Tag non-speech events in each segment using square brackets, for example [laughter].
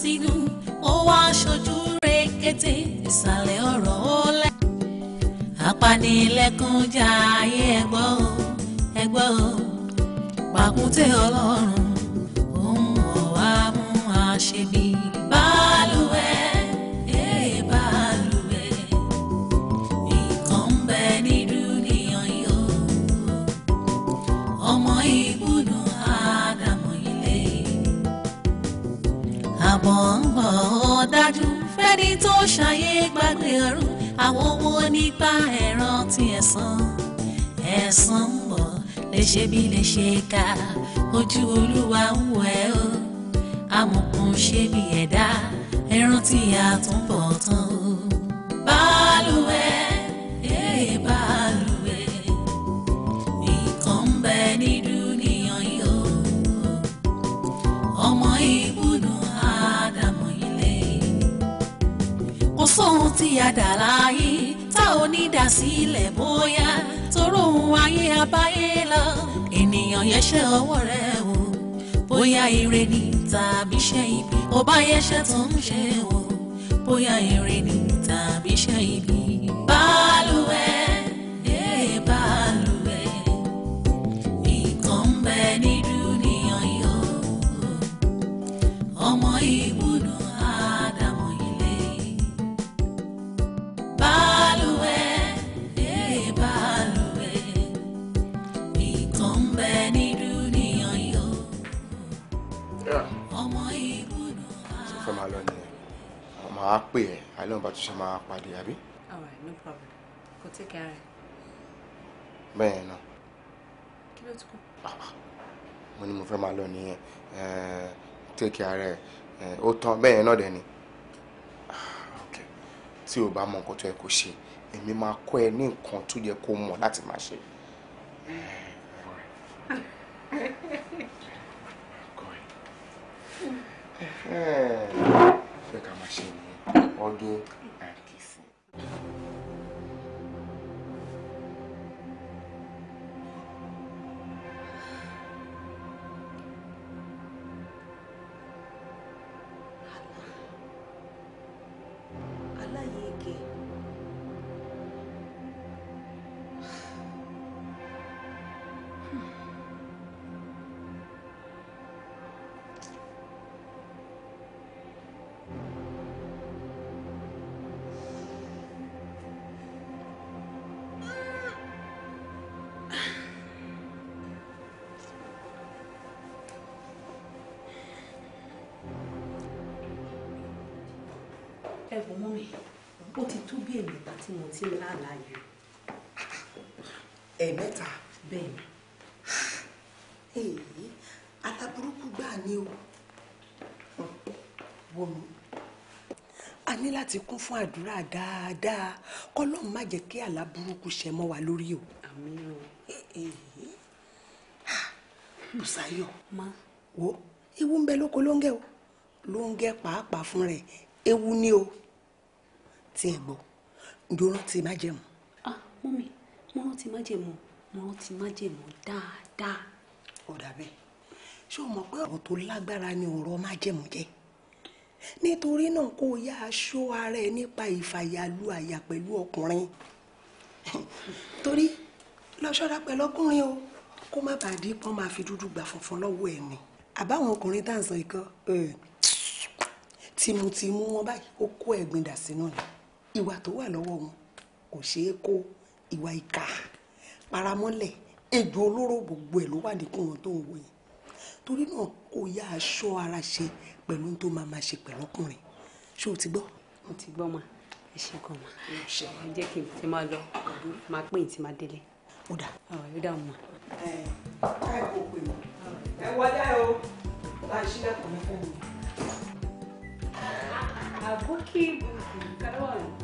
sínú ó wá aṣojú rekete ìsàlẹ̀ ọ̀rọ̀ ó lẹ́. apanilẹ́kúnjà ayé ẹgbọ́ o ẹgbọ́ o pàkúté ọlọ́run dájú fẹ́ni tó ṣàyè gbàgbé ọ̀run àwọn wo nípa ẹ̀ràn ti ẹ̀san ẹ̀san ń bọ̀ léṣe bí léṣe ká ojú olúwa ń wọ ẹ́ o amòkun ṣe bí ẹ̀dá ẹ̀ràn tí a tán o. kò sóhun tí a dà láàyè tá ò ní dà sílẹ̀ bóyá toró ohun ayé abáyé lọ ènìyàn yẹṣẹ́ ọwọ́ rẹ̀ wò bóyá ire ni tàbí iṣẹ́ ibi ó bá tó ń ṣe wò bóyá ire ni tàbí iṣẹ́ ibi. màá pè ẹ́ àìlọ́nba tó ṣe máa pàdé àbí. no problem kò tí kí ara ẹ. bẹ́ẹ̀ náà. kí ló ti kú. Ah, mo ní mo fẹ́ máa lọ nìyẹn eh, take care ẹ eh, ó tán bẹ́ẹ̀ náà dẹ̀ ni ah, tí o bá mọ nǹkan tó yẹ kó ṣe èmi máa kọ́ ẹ ní nǹkan tó yẹ kó mọ̀ láti máa ṣe. Yeah. [laughs] ọdún ẹ bò mọ́ mi ó ti tó bí èmẹ̀ta tí mo ti ń lálà yìí. ẹ̀mẹ́ta. bẹ́ẹ̀ ni. aláburúkú gbà ní o wò mí a ní láti kún fún àdúrà dáadáa kọlọ́run má jẹ́ kí àlá burúkú ṣẹ mọ́ wa lórí o. àmín o. Bùsáyọ̀ wo ewu ń bẹ lóko lóńgẹ́ o lóńgẹ́ pàápàá fún rẹ̀ ewu ni o tí ẹ gbọ́ ǹjọ́ rántí májẹ̀mú. ah mọ́mi mo rántí májẹ̀mú mo rántí májẹ̀mú dáadáa. ó dàbẹ́ ṣé o mọ̀ pé ọ̀rọ̀ tó lágbára ni ọ̀rọ̀ májẹ̀mú jẹ́ nítorí náà kó o yá aṣọ ara ẹ nípa ìfàyàlú àyà pẹ̀lú ọkùnrin torí lọ́ṣọ́ra pẹ̀lú ọkùnrin o kó má bàa di pọ́n máa fi dúdú gbà funfun lọ́wọ́ ẹ̀ ni àbáwọn ọkùnrin tá à ń sọ ikọ́ tìmùtìmù wọn báyìí ó kó ẹ̀gbin dà sínú ni ìwà tó wà lọ́wọ́ wọn kò ṣeé kó ìwà ìkà paramọ́lẹ̀ ejò olóró gbogbo ẹ̀ ló wà ní kùn tó ń wò yìí torí náà kò yá aṣọ ara ṣe pẹ̀lú tó máa máa ṣe pẹ̀lú ọkùnrin ṣé o ti gbọ́. mo ti gbọ́ ma ẹ ṣe gan ma ẹ jẹ́ kí n ti máa lọ máa pè ní ti máa délé. ó dà ó dà mọ́. ẹ ẹ kò pè mọ́ ẹ wọlé o láì sílẹ̀ kò ní fún mi. àbúkí bùkún kárọ̀ọ̀nù.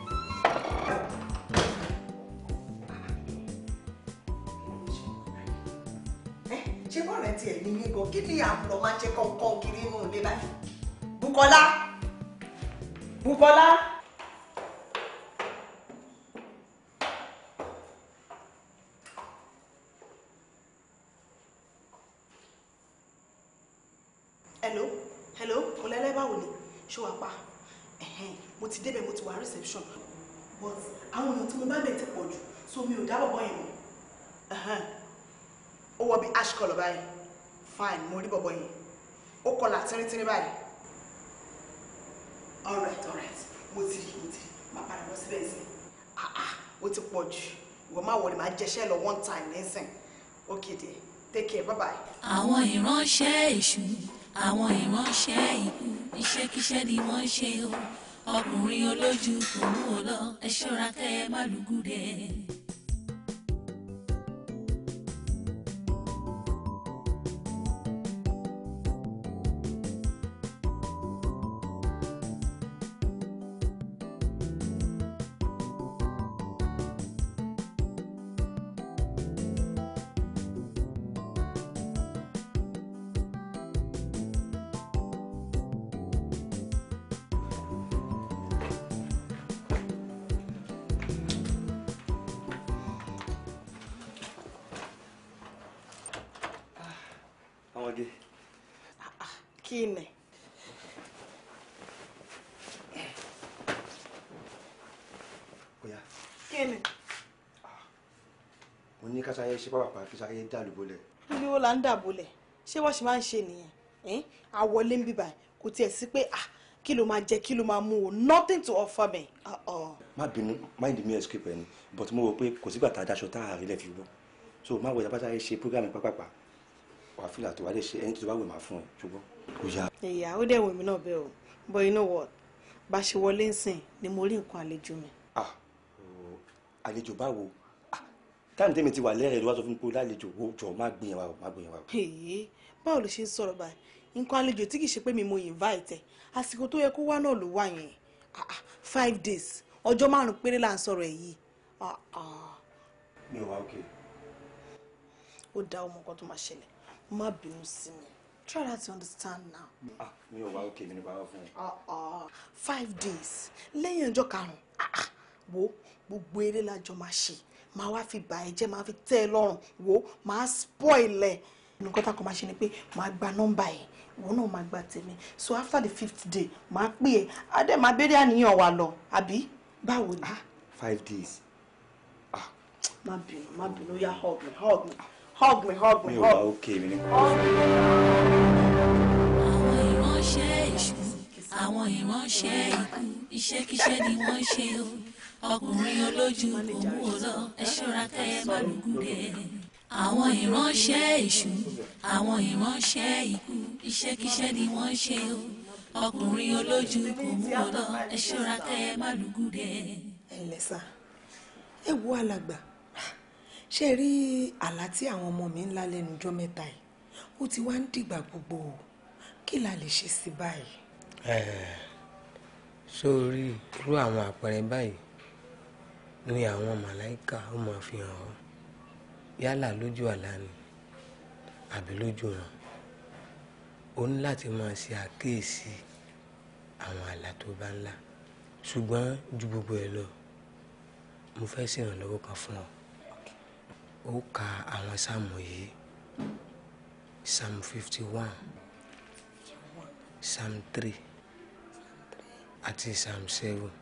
tiẹ̀ nílé gan kí ni àbúrò máa jẹ́ kọ́ńkọ́ń kiri inú ilé báyìí Bùkọ́lá Bùkọ́lá. hello hello kọlẹ́lẹ́ báwo ni ṣé wàá pa mo ti débẹ̀ mo ti wà reception but àwọn èèyàn tí mo bá bẹ̀ ti pọ̀ jù so mi ò dábọ̀ bọ́ yẹn mọ́ ó wọ bí ash colour báyìí fine mo rí bọ̀bọ̀ yẹn ó kọlà tínríntírín báyìí alright alright mo ti rí mo ti rí máa padà lọ síbẹ̀ sí ah ah ó ti pọ̀ jù ìwọ máa wọlé máa jẹṣẹ́ lọ one time nísìn okay dear take care bye bye. àwọn ìránṣẹ́ èṣù àwọn ìránṣẹ́ ikú iṣẹ́kíṣẹ́ ni wọ́n ń ṣe o ọkùnrin olójú kò mú o lọ ẹ ṣọ́ra kẹ́ ẹ má lùgùdẹ̀. ṣe pàpàpà kí sáyé dàlúbọlẹ̀. níbi wo la ń dàbọlẹ̀ ṣé wọ́n ṣe máa ń ṣe nìyẹn àwọlé ń bíbà kò tiẹ̀ sí pé ah, kí ló máa jẹ kí ló máa mú o nothing to offer me. Uh-uh. má bínú mind me escape ẹni but mo rò pé kò sígbà tá a daṣọ tá a rí lẹ fi wọ so má wọ ìdábàtà ṣe program pápápá wà á fìlà tó wà lè ṣe ẹni tó bá wẹ̀ máa fún ẹ ṣùgbọ́n kò yá. ìyá ó dẹ̀ wèmí náà bẹ́ẹ̀ o but you know what bá ṣe wọlé ń sìn ni mo rí nǹkan àlejò mi. Ah, àlejò báwo táàmì tèmi ti wà lẹ́rẹ̀ẹ́ ló wá sọ fún mi pé lálejò wo jọ má gbìyàn wa o má gbìyàn wa o. báwo ló ṣe ń sọ̀rọ̀ báyìí nǹkan àlejò tí kì ṣe pé mi mo invite ẹ̀ àsìkò tó yẹ kó wá náà ló wà yẹn ah, ah, five days ọjọ́ márùn-ún péré là ń sọ̀rọ̀ ẹ̀ yìí. Ah, mi ò wá òkè. ó dá ọmọ kan tó máa ṣẹlẹ̀ má bínú sí mi try to understand now. mi ò wá òkè mi ni bàbá fún ẹ. five days lẹ́yìn ọjọ́ karùn-ún wo gbogbo eré la jọ máa ṣe máa wá fi bà ẹ́ jẹ́ máa fi tẹ́ ẹ lọ́rùn wò spoil ẹ̀ nǹkan tá a kò máa ṣe ni pé máa gba nọ́mbà ẹ̀ òun náà máa gba tèmi so after the fifth day máa pè ẹ́ adé máa béèrè àníyàn wa lo. Abi, báwo ni. Ah, five days. Ah. má bínú má bínú ya hug me hug me hug me hug me. mi ò bá òkè mi àwọn ìránṣẹ́ èṣù ni wọ́n ṣe o ọkùnrin olójú òwò lọ ẹ ṣọ́ra kẹ́yẹ má lùgùdẹ àwọn ìránṣẹ́ èṣù àwọn ìránṣẹ́ ikú iṣẹ́kíṣẹ́ ni wọ́n ń ṣe o ọkùnrin olójú òwò lọ ẹ ṣọ́ra kẹ́yẹ má lùgùdẹ. ẹ ǹlẹ́ sá ẹ wo alàgbà ṣe rí àlá tí àwọn ọmọ mi ń lá lẹ́nu ọjọ́ mẹ́ta yìí ó ti wá ń dìgbà gbogbo kí la lè ṣe sí báyìí. sórí irú àwọn àpẹẹrẹ báyìí ni àwọn màláìka ó máa fi hàn ọ́ yálà lójú àlá ni àbí lójú ràn ó ní láti máa ṣe àkíyèsí àwọn àlá tó bá ńlá ṣùgbọ́n ju gbogbo ẹ̀ lọ mo fẹ́ ṣèrànlọ́wọ́ kan fún ọ ó ka àwọn sáàmù yìí psalm fifty one psalm three àti psalm seven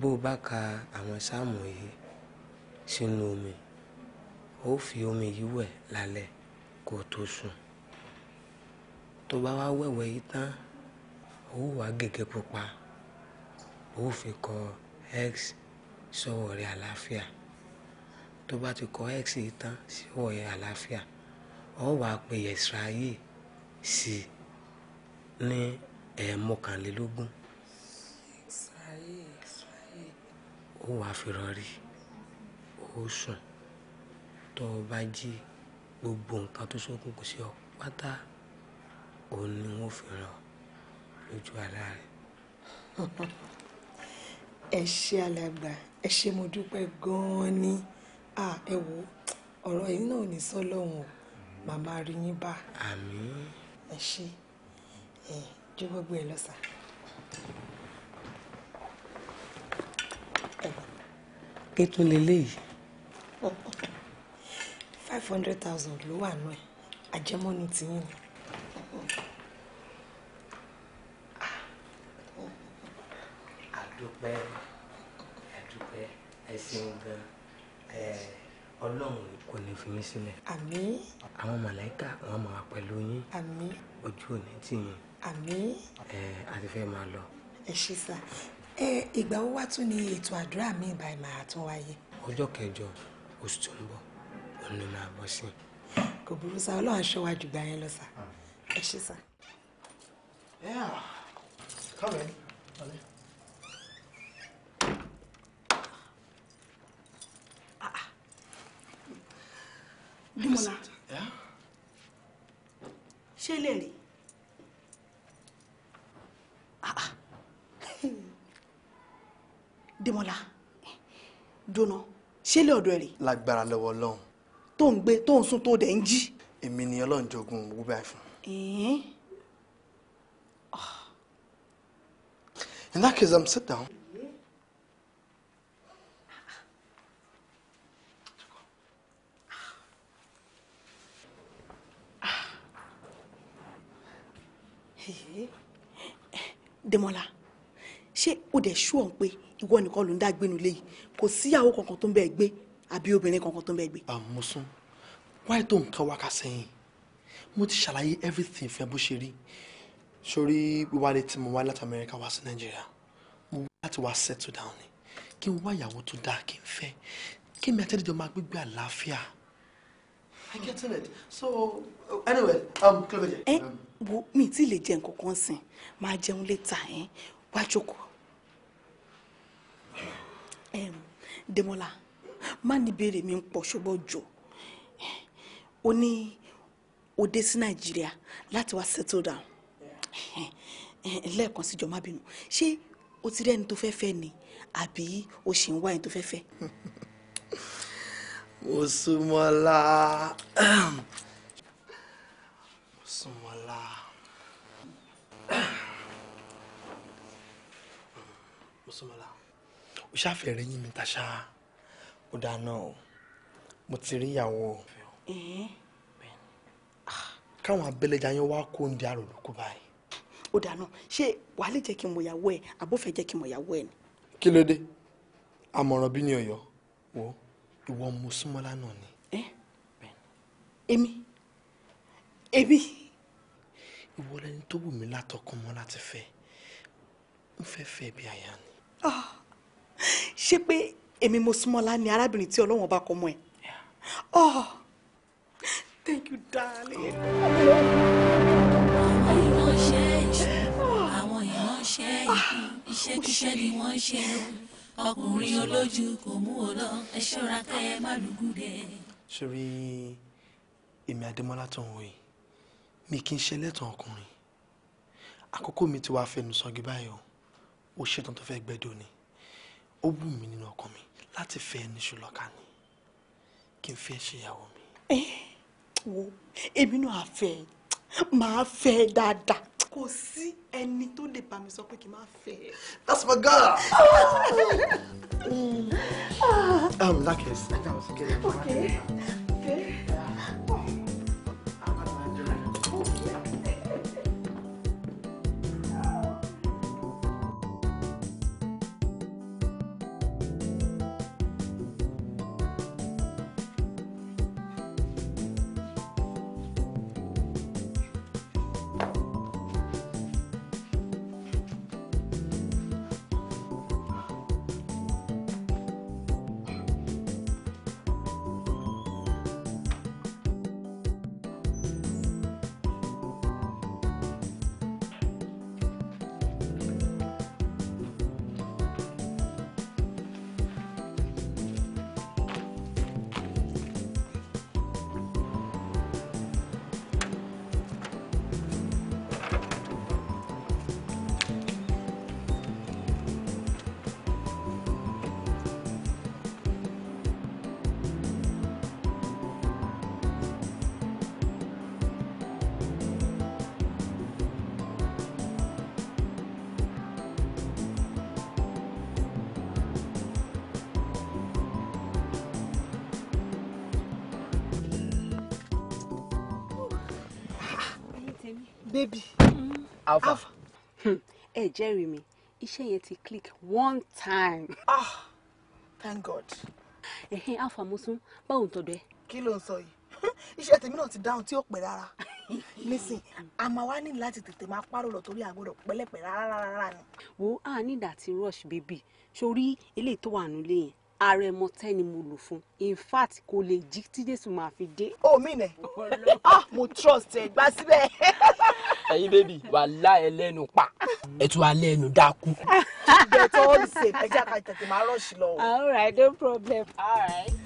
bó o bá ka àwọn sáàmù yìí sínú omi ó fi omi yìí wẹ̀ lálẹ́ kó o tó sùn tó bá wá wẹ̀wẹ̀ yìí tán ó wá gègé pupa ó fi kọ x sọ̀wọ́ rẹ̀ àlàáfíà tó bá ti kọ x yìí tán sọ̀wọ́ rẹ̀ àlàáfíà ó wá pe yẹ̀sra yìí sí ní ẹ̀ẹ̀mọkànlélógún. E ó wàá fi rọrí ó sùn tó o bá jí gbogbo nǹkan tó ṣókùnkùn sí ọ pátá òun ni wọ́n fi ràn lójú àlá rẹ̀. ẹ ṣe alàgbà ẹ ṣe mo dúpẹ́ gan-an ni ẹ wo ọ̀rọ̀ yìí náà ní sọ́lọ́hún o màmá rí yín bá. ẹ ṣe ẹ jọ̀wọ́ gbé e lọ sà. ké tó leléyìí. five hundred thousand ló wà nù ẹ àjẹmọ́ni tiyín ni. àdúpẹ́ àdúpẹ́ ẹ ṣeun gan ọlọ́run kò ní fi mí sílẹ̀. àmín. àwọn màláìka wọn máa pẹ̀lú yín. àmín. ojú ò ní tì yín. àmín. ẹ a fẹ́ máa lọ. ẹ ṣí sá ẹ ìgbà wo wá tún ni ètò àdúrà mi ìbàyìí màá tún wáyé. ọjọ́ kẹjọ oṣù tó ń bọ̀ òun ni màá bọ́ sí. kò burú sá ọlọ́run aṣọ wa jù gbà yẹn lọ sá ẹ ṣé sá. Come in. Come lè rí? ah. ah. Dèmọ́lá dùnà ṣé lè ọ̀dọ̀ ẹ̀ rè. lágbára lọ́wọ́ ọlọ́run. tó ń gbé tó ń sùn tó dẹ̀ ń jí. èmi ni ọlọ́run jogun wúbà fún. in that case um, sit down. Dèmọ́lá ṣé o dẹ̀ ṣú ọ̀ pé ìwọ nìkan ló ń dá gbénu léyìí kò síyàwó kankan tó ń bẹ gbé àbí obìnrin kankan tó ń bẹ gbé. àmúsùn wáyé tó nǹkan wá ká sẹ́yìn mo ti ṣàlàyé everything fún ẹ bó ṣe rí sórí wíwálé tí mo wá láti amẹ́ríkà wá sí nàìjíríà mo wá láti wá settle down ni kí n wá ìyàwó tó dáa kí n fẹ́ kí mi àtẹ́lẹ́jọ́ máa gbégbé àlàáfíà. I get it. So anyway, um, Cleveland. Ẹ wo mi ti lè jẹ nǹkan kan sìn, máa jẹun létà ẹ̀, wá jókòó. Demola má ní béèrè mi ń pọ̀ ṣùgbọ́n jò ó ní òde sí Nàìjíríà láti wá settle down lẹ́ẹ̀kan síjọ má bínú ṣé o ti rí ẹni tó fẹ́ fẹ́ ni àbí o ṣì ń wá ẹni tó fẹ́ fẹ́. mo súnmọ́ la. ó ṣàfẹ́rẹ́ yín mi tàṣà ó dáná o mo ti rí ìyàwó. Ah. káwọn abẹ́lẹ́jà yẹn wá kó oúnjẹ àrò báyìí. ó dáná ṣé wàá jẹ́ kí n mọ ìyàwó ẹ̀ àbófẹ́ jẹ́ kí n mọ ìyàwó ẹ̀ ni. kí ló dé àmọ̀ràn bí ni ọ̀yọ́ wo ìwọ mo súnmọ́ lánàá ni. èmi èmi. ìwọ lẹni tó wù mí látọkàn láti fẹ́ ń fẹ́ fẹ́ bí aya ni. ah ṣé pé èmi mo súnmọ́ lá ní arábìnrin tí ọlọ́wọ́n bá kọ́ mọ́ ẹ. oh thank you darling. sori èmi adémọlá tó ń wòye mi kì í ṣe lẹ́tàn ọkùnrin àkókò mi ti wá fẹnu sọ́gi báyìí o ṣetán tó fẹ́ gbẹ́dọ̀ ni ó wù mí nínú ọkàn mi láti fẹ́ ẹni ṣùlọ́ka ni kí n fẹ́ ṣe mi. wo èmi náà á fẹ́ màá fẹ́ dáadáa kò sí ẹni tó lè bá mi sọ pé kí n má fẹ́ that's my girl. [laughs] um, that case, that was okay. okay. okay. baby mm. alpha. alpha. ẹ jẹ́rìí mi iṣẹ́ yẹn ti click one time. ah thank god. ẹ̀hìn alpha musun báwo ń tọ́dọ̀ ẹ. kí ló ń sọ yìí [laughs] iṣẹ́ tèmi náà ti dáhùn tí ò pẹ́ rárá [laughs] nísìn a máa wá ní láti tètè máa pààrọ̀ lọ torí àgbọ̀dọ̀ pẹ́lẹ́pẹ́ rárá rárá ni. wo a ní ìdá àti rush baby sórí eléyìí tó wà nílé yẹn àrẹ̀mọ tẹ́ ni mo lò fún in fact kò lè jí tí jésù máa fi dé. o mi nẹ ah mo trust ẹ gbá síbẹ̀. ẹyin bébì wà lá ẹ lẹ́nu pa ẹtù alẹ́ ẹnu dákú. ìgbẹ́ tó ń ṣe ẹjẹ́ àkàtẹ̀tẹ̀ máa rọ̀ṣì lọ. all right no problem. all right.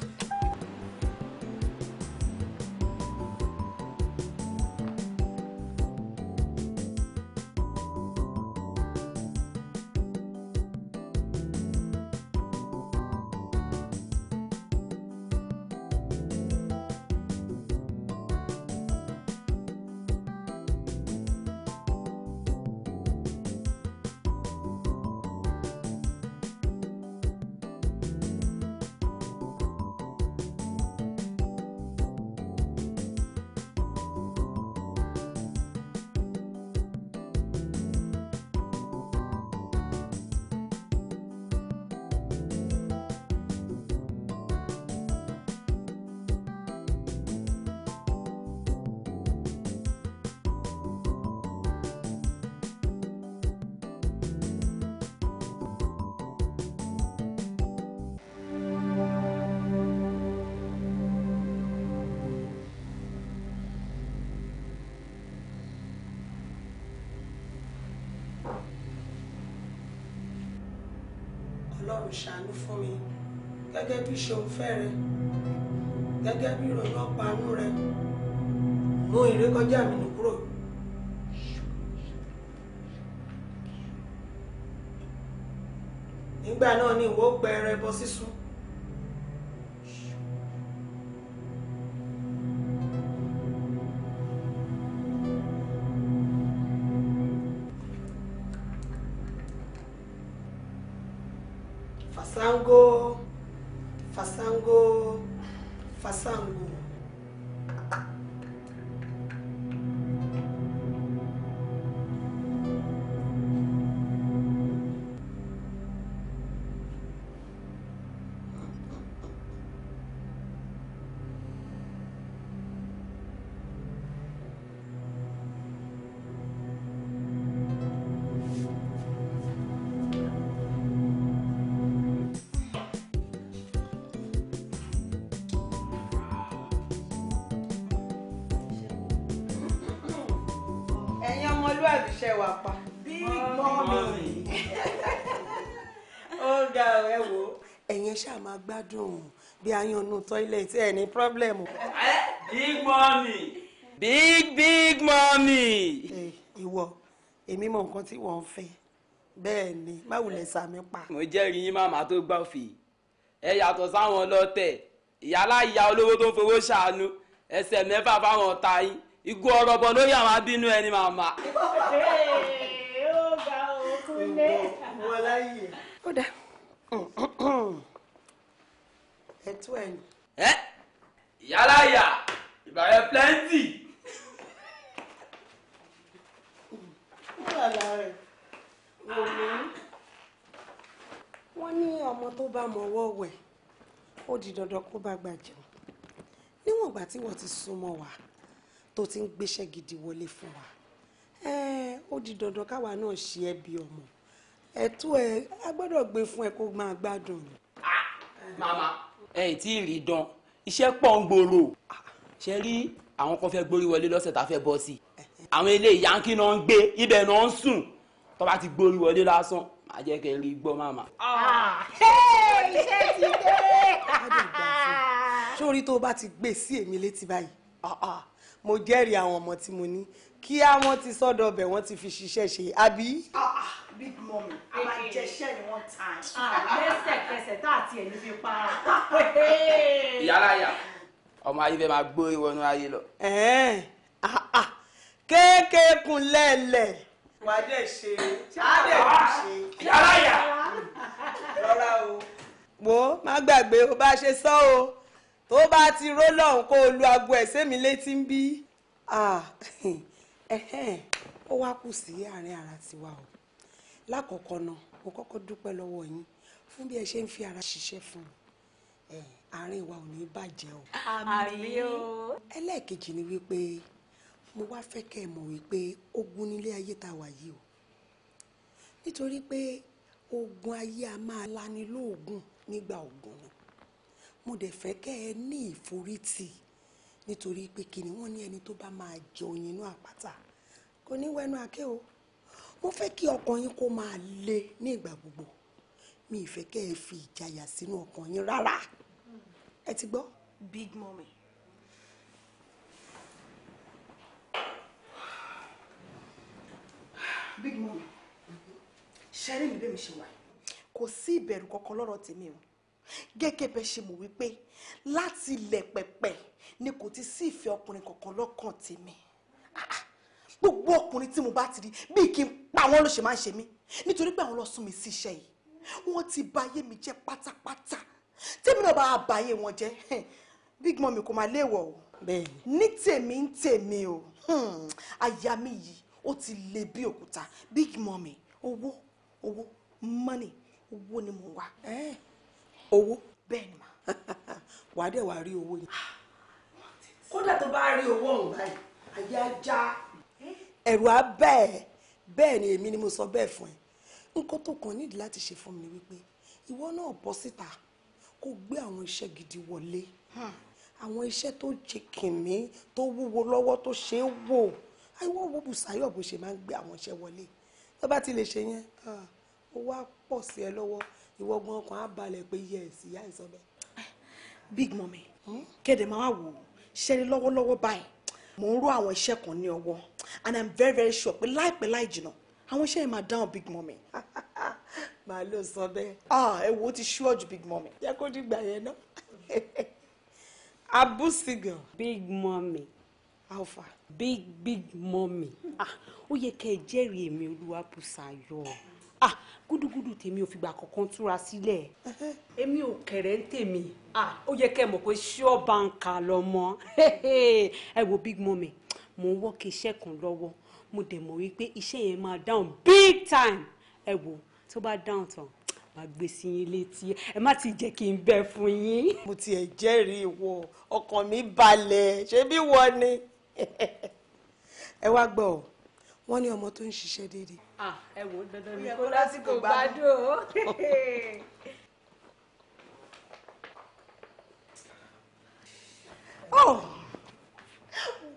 yẹn ṣáà máa gbádùn bí ayanu toilet ẹ ní problem. big mommy big big mommy. ìwọ èmi mọ nǹkan tí wọ́n ń fẹ́ ni má wulẹ̀ sàmì pa. mo jẹ́rìí yín màmá tó gbà òfì ẹ yàtọ̀ sáwọn ọlọ́tẹ̀ ìyálà ìyá olówó tó ń fowó ṣàánú ẹsẹ̀ mẹ́fà fáwọn ọ̀tá yín igbó ọrọ̀bọ lórí àwọn abínú ẹni màmá. ó dà [clears throat] ẹtú ẹ ni. ẹ yàrá yà ìbàrẹ plenty. wọ́n lára rẹ̀ wò ní wọ́n ní ọmọ tó bá mọwọ́ wẹ̀ ó di dandan kó bá gbà níwọ̀n ìgbà tí wọ́n ti súnmọ́ wa tó ti ń gbéṣẹ́ gidi wọlé fún wa ó di dandan káwa náà ṣe ẹ́ bí ọmọ ẹ̀tọ́ ẹ a gbọ́dọ̀ gbé fún ẹ kó máa gbádùn. Ah, màmá ẹ tí ì rí dán iṣẹ́ pọ̀ ń gbòòrò ṣe rí àwọn kan fẹ́ gbórí wọlé lọ́sẹ̀ tá a fẹ́ bọ́ sí i àwọn eléyìí yankí náà ń gbé ibẹ̀ náà ń sùn tó bá ti gbórí wọlé lásán máa jẹ́ kẹ́ rí gbọ́ màmá. Ah, iṣẹ́ ti dé. sórí tó o bá ti gbé sí èmi létí báyìí ah, ah, mo jẹ́rìí àwọn ọmọ tí mo ní kí àwọn ti sọ́dọ̀ ọbẹ̀ wọ́n ti fi ṣiṣẹ́ ṣe àbí big mummy a máa jẹ iṣẹ́ ní one time. Ah, lẹ́sẹ̀kẹsẹ̀ tá àti ẹ̀ níbi pa. ìyálàyà ọmọ ayé fẹ́ máa gbó ìwọnú ayé lọ. Ah, ah. kéékèèkùn lẹ́lẹ̀. wà á dẹ̀ ṣe á dẹ̀ ṣe. ìyálàyà. rọra o. wo má gbàgbé o bá ṣe sọ o tó bá ti ró lọ́hùn kó o lu aago ẹ̀ sẹ́mi létí ń bí [laughs] ó wá kù sí àárín ara tiwa o lákọ̀ọ́kọ́ náà mo kọ́kọ́ dúpẹ́ lọ́wọ́ yín fún bí ẹ ṣe ń fi ara ṣiṣẹ́ fún mi àárín wa ò ní bàjẹ́ o. àmín o. ẹlẹ́ẹ̀kejì ni wípé mo wá fẹ́ kẹ́ ẹ mọ̀ wípé ogun nílé ayé tá wà yìí o nítorí pé ogun ayé a máa lani lóògùn nígbà ogun náà mo dẹ̀ fẹ́ kẹ́ ẹ ní ìforítì nítorí pé kí ni wọ́n ní ẹni tó bá máa jẹ oyin inú àpáta kò ní wẹnu àké o mo fẹ́ kí ọkàn yín kó máa le ní ìgbà gbogbo mi ìfẹ́ kẹ́ ẹ fi ìjayà sínú ọkàn yín rárá ẹ ti gbọ́. big mommy. big mommy ṣẹ́rí mi bẹ́ẹ̀ mi ṣe wà. kò sí ìbẹ̀rù kankan lọ́rọ̀ tèmi o gẹ́gẹ́ bẹ́ẹ̀ ṣe mọ̀ wípé láti ilẹ̀ pẹ̀pẹ̀ ni kò ti sí ìfẹ́ ọkùnrin kankan lọ́kàn tèmi gbogbo ọkùnrin tí mo bá ti rí bíi kí n pa wọ́n ló ṣe máa ń ṣe mí nítorí pé àwọn lọ sún mi sí iṣẹ́ yìí wọ́n ti ba ayé mi jẹ́ pátápátá tèmi náà bá ba ayé wọn jẹ́ big mummy kò máa léèwọ̀ o ní tèmi ń tèmi o àyà hmm, mi yìí ó ti le bí òkúta big mummy owó owó money owó ni mo wá. owó bẹ́ẹ̀ ni mà. [laughs] wàá dẹ̀ wá rí owó yẹn. Ah, kódà tó bá rí owó ọ̀hún báyìí àyà já ẹ̀rù á bẹ́ẹ̀ bẹ́ẹ̀ ni èmi ni mo sọ bẹ́ẹ̀ fún ẹ nǹkan tó kàn nídìí láti ṣe fún mi ni wípé ìwọ náà bọ́ síta kó gbé àwọn iṣẹ́ gidi wọlé hmm. àwọn iṣẹ́ tó jẹ kìnní tó wúwo lọ́wọ́ tó ṣe é wò àìwọ́ wo Bùsáyọ̀ bó ṣe máa ń gbé àwọn iṣẹ́ wọlé tó bá ti lè ṣe yẹn hmm. ó wá pọ̀ sí ẹ lọ́wọ́ ìwọ gan ọkàn á balẹ̀ pé yẹ ẹ̀ sí ìyá ìsọ̀bẹ. big mummy hmm? kẹ́dẹ̀ máa wò ṣẹ́ni lọ́wọ́lọ́wọ́ báyìí mo ń ró àwọn iṣẹ́ kan ní ọwọ́ and i'm very very sure pé láìpẹ́ láì jìnnà àwọn iṣẹ́ yìí máa dáhùn big mummy [laughs] màá lò sọ bẹ́ẹ̀ ah ẹ wo ti ṣú ọ̀jù big mummy yẹ kó dìgbà yẹn náà abusigan. big mummy. how far. big big mummy ah ó yẹ kẹ́ ẹ jẹ́rìí èmi olúwa bùsàyọ̀ ah gúdúgúdú tèmi ò fìgbà kankan túra sílẹ̀ èmi ò kẹ̀rẹ̀ ń tèmi ah ó yẹ kẹ́ ẹ pé sure banka lọ́mọ [laughs] ẹ wo big mommy mò ń wọ́ọ̀kì iṣẹ́ kan lọ́wọ́ mo dẹ̀ mọ̀ wípé iṣẹ́ yẹn máa down big time ẹ wo tó bá down tán máa gbé sí yín létí ẹ má ti jẹ́ kí n bẹ́ fún yín. [laughs] mo tiẹ̀ jẹ́rìí wọ ọkàn mi balẹ̀ ṣé bí wọ́n ni [laughs] ẹ wá gbọ́ ọ ní ọmọ tó ń ṣiṣẹ́ déédéé Ah, ẹ wò ó dandan ní kó lásìkò gbádùn o. [laughs] oh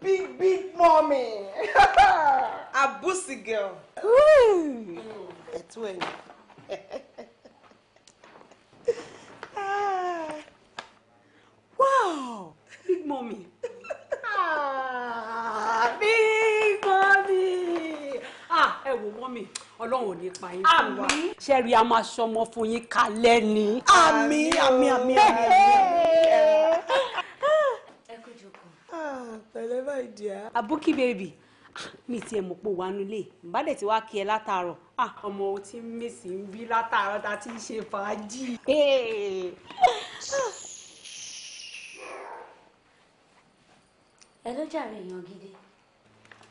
big big mommy [laughs] abusi girl. ẹ̀tún ẹ̀yìn. [laughs] Ah. wow big mommy. mọ́mì ọlọ́run ò ní pa yín fún wa ṣẹ́ẹ̀rì a máa ṣọmọ fún yín kalẹ̀ ni. àmín àmín àmín àmín. ẹ kú jókòó. Ah, pẹ̀lẹ́ báyìí díà. àbúkí bèbí mi ti ẹ̀ mọ̀ pé wà nulẹ̀ ìbádẹ́ tí wàá kí ẹ látàárọ̀. Ah, ọmọ o ti ń mèsì ń bí látàárọ̀ tá a ti ń ṣe fàájì. ẹ ló jàre èèyàn gidi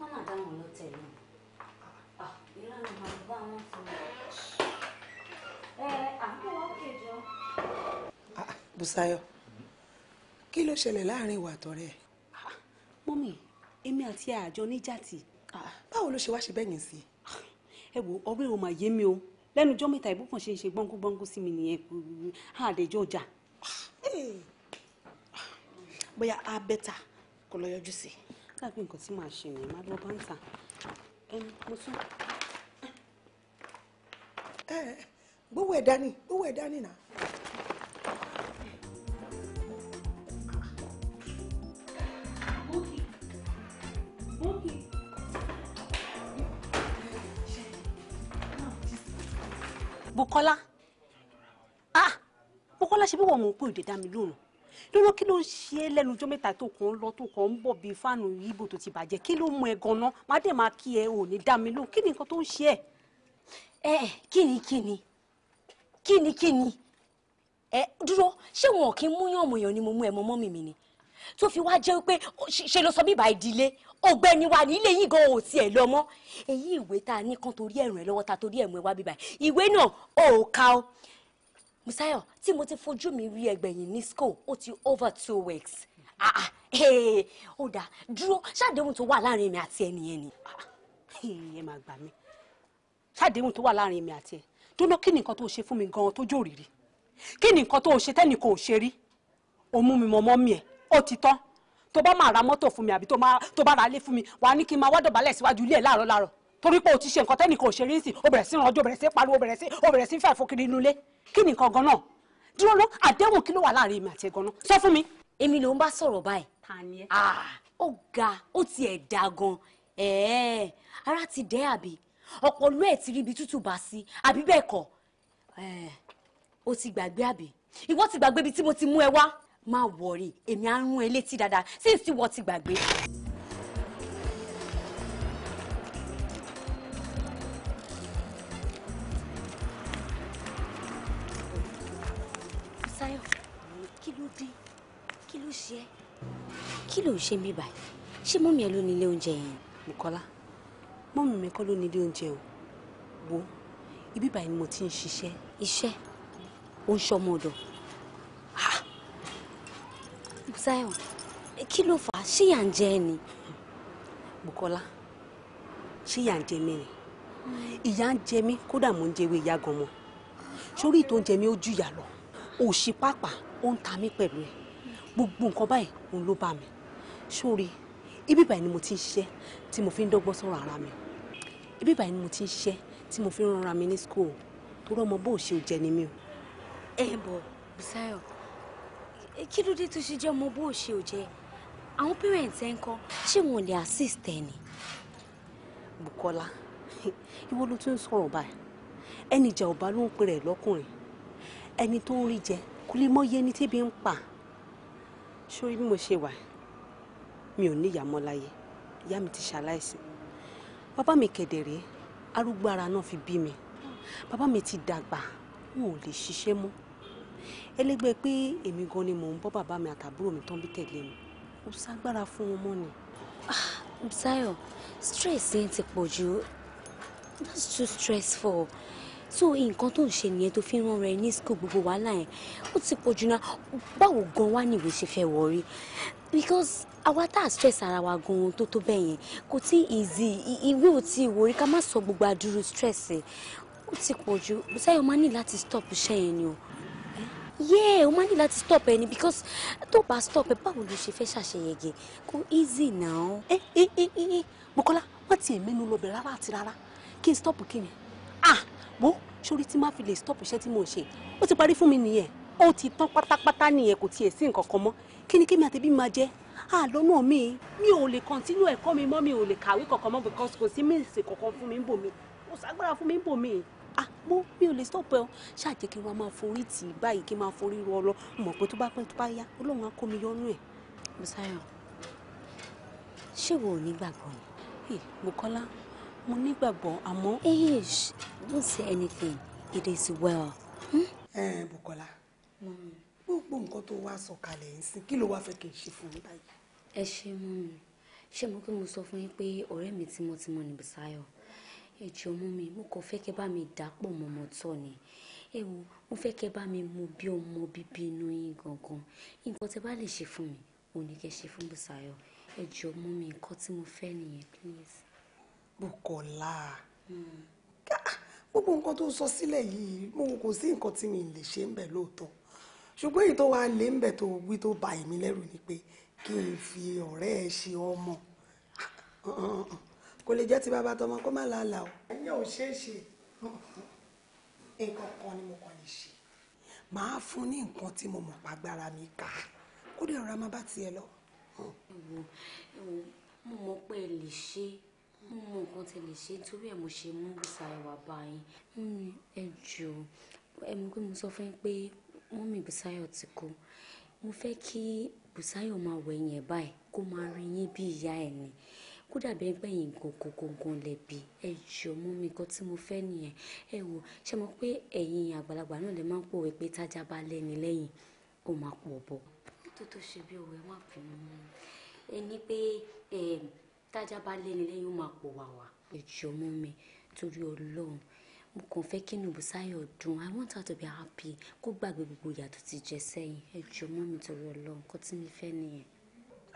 wọn máa dáhùn lọ tẹ̀lé lọ bàbá wọn ti rẹ̀ ẹ àbúrò wọn kè jọ. Bùsáyọ̀ kí ló ṣẹlẹ̀ láàrin ìwà àtọ̀rẹ́ ẹ̀. mọ́mì èmi àti àjọ níjàtì. báwo ló ṣe wá ṣe bẹ́yìn sí i. ẹ wo ọ̀rẹ́ o mà yé mi o lẹ́nu ọjọ́ mẹ́ta ìbùkún ṣe ń ṣe gbọ́ngúngbọ́ngún sí mi nìyẹn àdéjọ́ ọjà. bóyá a bẹ́tà kó lọ yọjú sí dàbí nǹkan tí màá ṣe nìyẹn má lọ bá ń tà mo tún Eh, gbówó ẹ̀ dání gbówó ẹ̀ dání náà. Bukola ah Bukola ṣe bí wọn mò ń pè òde dá mi lóhùn lọ́dọ̀ kí ló ń ṣe é lẹ́nu ọjọ́ mẹ́ta tó kàn ń lọ tó kàn ń bọ̀ bíi fáànù yíbo tó ti bàjẹ́ kí ló mú ẹ gan-an má dẹ̀ máa kí ẹ ò ní dá mi lóhùn kí ni nǹkan tó ń ṣe ẹ́ ẹ eh, ẹ eh, kíni kíni kíni kíni ẹ eh, dúró ṣé wọn ò kí ń múyàn mọ̀yàn ni mo mú ẹ mọ́ mọ́mì mi ni tó fi wá jẹ́ pé ṣe ló sọ bíbá ìdílé ọ̀gbẹ́ni wa ní ilé yìí gan ò tiẹ̀ lọ mọ́ èyí ìwé tá a ní kan torí ẹ̀rùn ẹ lọ́wọ́ ta torí ẹ̀mú ẹ wá bíbá ìwé náà ò ká o musayo tí mo ti fojú mi rí ẹgbẹ̀yìn ní ó ti over two weeks ah, ah, ó dáa dúró ṣáà déhùn tó wà láàrin mi àti ẹnìyẹn ni ah, ẹ máa gbà mí sádéhùn tó wà láàrin mi àti ẹ dúró kí ni nǹkan tó ṣe fún mi gan-an tó jòrìrì kí ni nǹkan tó ṣe tẹ́nì kò ṣe rí o mú mi mọ mọ́ mi ẹ̀ ó ti tán tó bá máa ra mọ́tò fún mi àbí tó bá ra ilé fún mi wàá ní kí n máa wá dọ̀bálẹ̀ síwájú ilé ẹ̀ láàárọ̀ láàárọ̀ torí pé o ti ṣe nǹkan tẹ́nì kò ṣe rí sí o bẹ̀rẹ̀ sí ìrànjọ́ bẹ̀rẹ̀ sí pariwo bẹ̀rẹ̀ sí o bẹ̀rẹ̀ sí fẹ́ fokiri inú ilé kí ni nǹkan gan-an dúró lọ àdéhùn kí ló wà láàrin mi àti ẹ̀ gan-an sọ fún mi. èmi ló ń bá sọ̀rọ̀ báyìí. ta ni ẹ. Ah, ó ga ó tiẹ̀ da gan-an ara ti dẹ́ àbí ọpọlọ ẹ̀ ti rí ibi tútù bá sí àbí bẹ́ẹ̀ kọ́ ó ti gbàgbé àbí ìwọ ti gbàgbé ibi tí mo ti mú ẹ wá má wọrí èmi á rún ẹ létí dáadáa sí ìsìn wọ́n ti gbàgbé. Bùsáyọ̀ kí ló dé kí ló ṣe é kí ló ṣe mí báyìí ṣé mọ́mí ẹ ló nílé oúnjẹ yẹn Bùkọ́lá mọ́mì mi kọ́ ló ní ilé oúnjẹ o wo ibi báyìí ni mo ti ń ṣiṣẹ́. iṣẹ́ ó ń ṣọmọ ọ̀dọ̀ Zion kí ló fà á ṣé yà ń jẹ ẹ ni. Bukola ṣé yà ń jẹ mí ni ìyà ń jẹ mí kódà mò ń jẹ ewé ìyá gan mọ sórí tó ń jẹ mí ó jù ìyà lọ òṣì pàápàá ó ń ta mí pẹ̀lú ẹ gbogbo nǹkan báyìí òun ló bá mi sórí ibi báyìí ni mo ti ń ṣiṣẹ́ tí mo fi ń dọ́gbọ́n sọ̀rọ̀ ara mi ibi báyìí ni mo ti ń ṣiṣẹ́ tí mo fi ń ranra mi ní school tó rọ́mọ bó ṣe ò jẹ ni mí o. ẹ bọ Bùsáyọ̀ kí ló dé tó ṣe jẹ́ ọmọ bó ṣe ò jẹ àwọn parents ẹ̀ ń kọ́ ṣé wọn lè assist ẹ ni. Bukola ìwọ ló tún ń sọ̀rọ̀ báyìí ẹni ìjà ọba ló ń pèrè lọ́kùnrin ẹni tó ń rí jẹ kò lè mọ iye ẹni tí ń pa ṣórí bí mo ṣe wà yìí mi ò ní ìyá mọ́ láyé ìyá mi ti ṣaláìsí bàbá mi kedere arúgbó ara náà fi bí mi bàbá mi ti dàgbà wọn ò lè ṣiṣẹ́ mọ́ ẹlẹ́gbẹ́ pé èmi gan ni mò ń bọ́ bàbá mi àtàbúrò mi tán bí tẹ̀lé mi kò ságbára fún wọn ni. Bùsáyọ̀ ah, stress yẹn ti pọ̀ jù that's too stressful so nǹkan tó ń ṣe nìyẹn tó fi ń rán rẹ ní school gbogbo wàhálà yẹn ó ti pọ̀ jù náà báwo gan wá ní ìwé ṣe fẹ́ wọrí because àwa tá a stress ara wa gan tó tó bẹ́ẹ̀ yẹn kò tí easy ìwé ò tí ì wọrí ká má sọ gbogbo àdúró stress ẹ̀ ó ti pọ̀ jù sẹ́yìn o máa ní láti stop iṣẹ́ yẹn ni o yeah o máa ní láti stop ẹni because tó bá stop ẹ báwo ló ṣe fẹ́ ṣàṣeyẹgẹ kò easy now. ẹ eh, ẹ eh, ẹ eh, ẹ Bùkọ́lá wọ́n ti èmi nu lọ́bẹ̀ rárá àti rárá kí n stop kí ni ah wo sórí tí má fi lè stop iṣẹ́ tí mò ń ṣe ó ti parí fún mi nìyẹn ó ti tán pátápátá nìyẹn kò tiẹ̀ sí nǹkan kan mọ́ kí ni kémi àtẹ̀bí máa jẹ́ àlọ́nà mi mi ò lè kọ́ntínú ẹ̀kọ́ mi mọ́ mi ò lè kàwé kankan mọ́ because kò sí mílíọ̀sì kankan fún mi ń bò mí kò ságbára fún mi ń bò mí ah mo mi ò lè stop ẹ o ṣáà jẹ́ kí n wá máa forí tì í báyìí kí n máa forí ro ọlọ mọ̀ pé tó bá pẹ́ tó bá yá ọlọ́run á kó mi yọnu ẹ̀. Bùsáyọ̀ ṣé wo ò ní gbàgbọ́ ni. Bùkọ́lá mo nígbàgbọ́ àmọ́. Don't say anything. It is well. Ẹ hmm? eh, Bukola, gbogbo nǹkan tó wá sọ̀kalẹ̀ ń sìn kí ló wá fẹ́ kí n ṣe fún báyìí. Ẹ ṣe mú mi, ṣé mo kí mo sọ fún yín pé ọ̀rẹ́ mi tímọ́tímọ́ ni Bùsáyọ̀? Ẹ jọ̀ọ́ mú mi, mo kàn fẹ́ kẹ́ bá mi dàpọ̀ mọ́mọ́ tọ̀ ni ẹ wo mo fẹ́ kẹ́ bá mi mú bí ọmọ bíbí inú yín gangan nǹkan tẹ́ bá lè ṣe fún mi òun ni kẹ́ ṣe fún Bùsáyọ̀ ẹ jọ̀ọ́ mú mi nǹkan tí mo fẹ́ nìyẹn please. Bùkọ́lá gbogbo nǹkan tó sọ sílẹ̀ yìí mo kò sí nǹkan tí mi lè ṣe ń bẹ̀ lóòótọ́ ṣùgbọ́n èyí tó wàá lé ń bẹ̀ tó wí tó bà èmi lẹ́rù ni pé kí n fi ọ̀rẹ́ ẹ ṣe ọmọ kò lè jẹ́ ti bàbá tọmọ kó má làálàá o. ẹ̀yẹ́ ò ṣeé ṣe nǹkan kan ni mo kàn lè ṣe màá fún ní nǹkan tí mo mọ̀ pàgbára mi kà kó dẹ̀ ọ̀rọ̀ máa bá tiẹ̀ lọ. mo mọ̀ pé ẹ lè ṣe é mo mọ nǹkan tẹ́ lè ṣe torí ẹ̀ mo ṣe mú bùsà ìwà báyìí mọ́mí ẹ jù ẹ mọ̀ pé mo sọ fún yín pé mọ́mí bùsáyọ̀ ti kú mo fẹ́ kí bùsáyọ̀ máa wọ ẹ̀yìn ẹ̀ báyìí kó máa rí yín bí ìyá ẹ̀ ni kó dàbí ẹgbẹ́ yìí gògògògò lẹ́bi ẹ jọ mọ́mí nǹkan tí mo fẹ́ nìyẹn ẹ wò ṣe mọ̀ pé ẹ̀yin àgbàlagbà náà lè máa ń pòwe pé tájà bá lẹ́ni lẹ́yìn ó máa pọ̀ bọ̀. tó tó ṣe bí òwe má bínú mọ́ ẹ ní pé tájà bá lẹ́ni lẹ́yìn ó máa pọ̀ wàwà. ìjọ mú mi torí ọlọ́run mo kàn fẹ́ kí Nùbùsáyọ̀ dùn i want her to be happy kó gbàgbé gbogbo ìyà tó ti jẹ sẹ́yìn ìjọ mú mi torí ọlọ́run kó tí mi fẹ́ nìyẹn.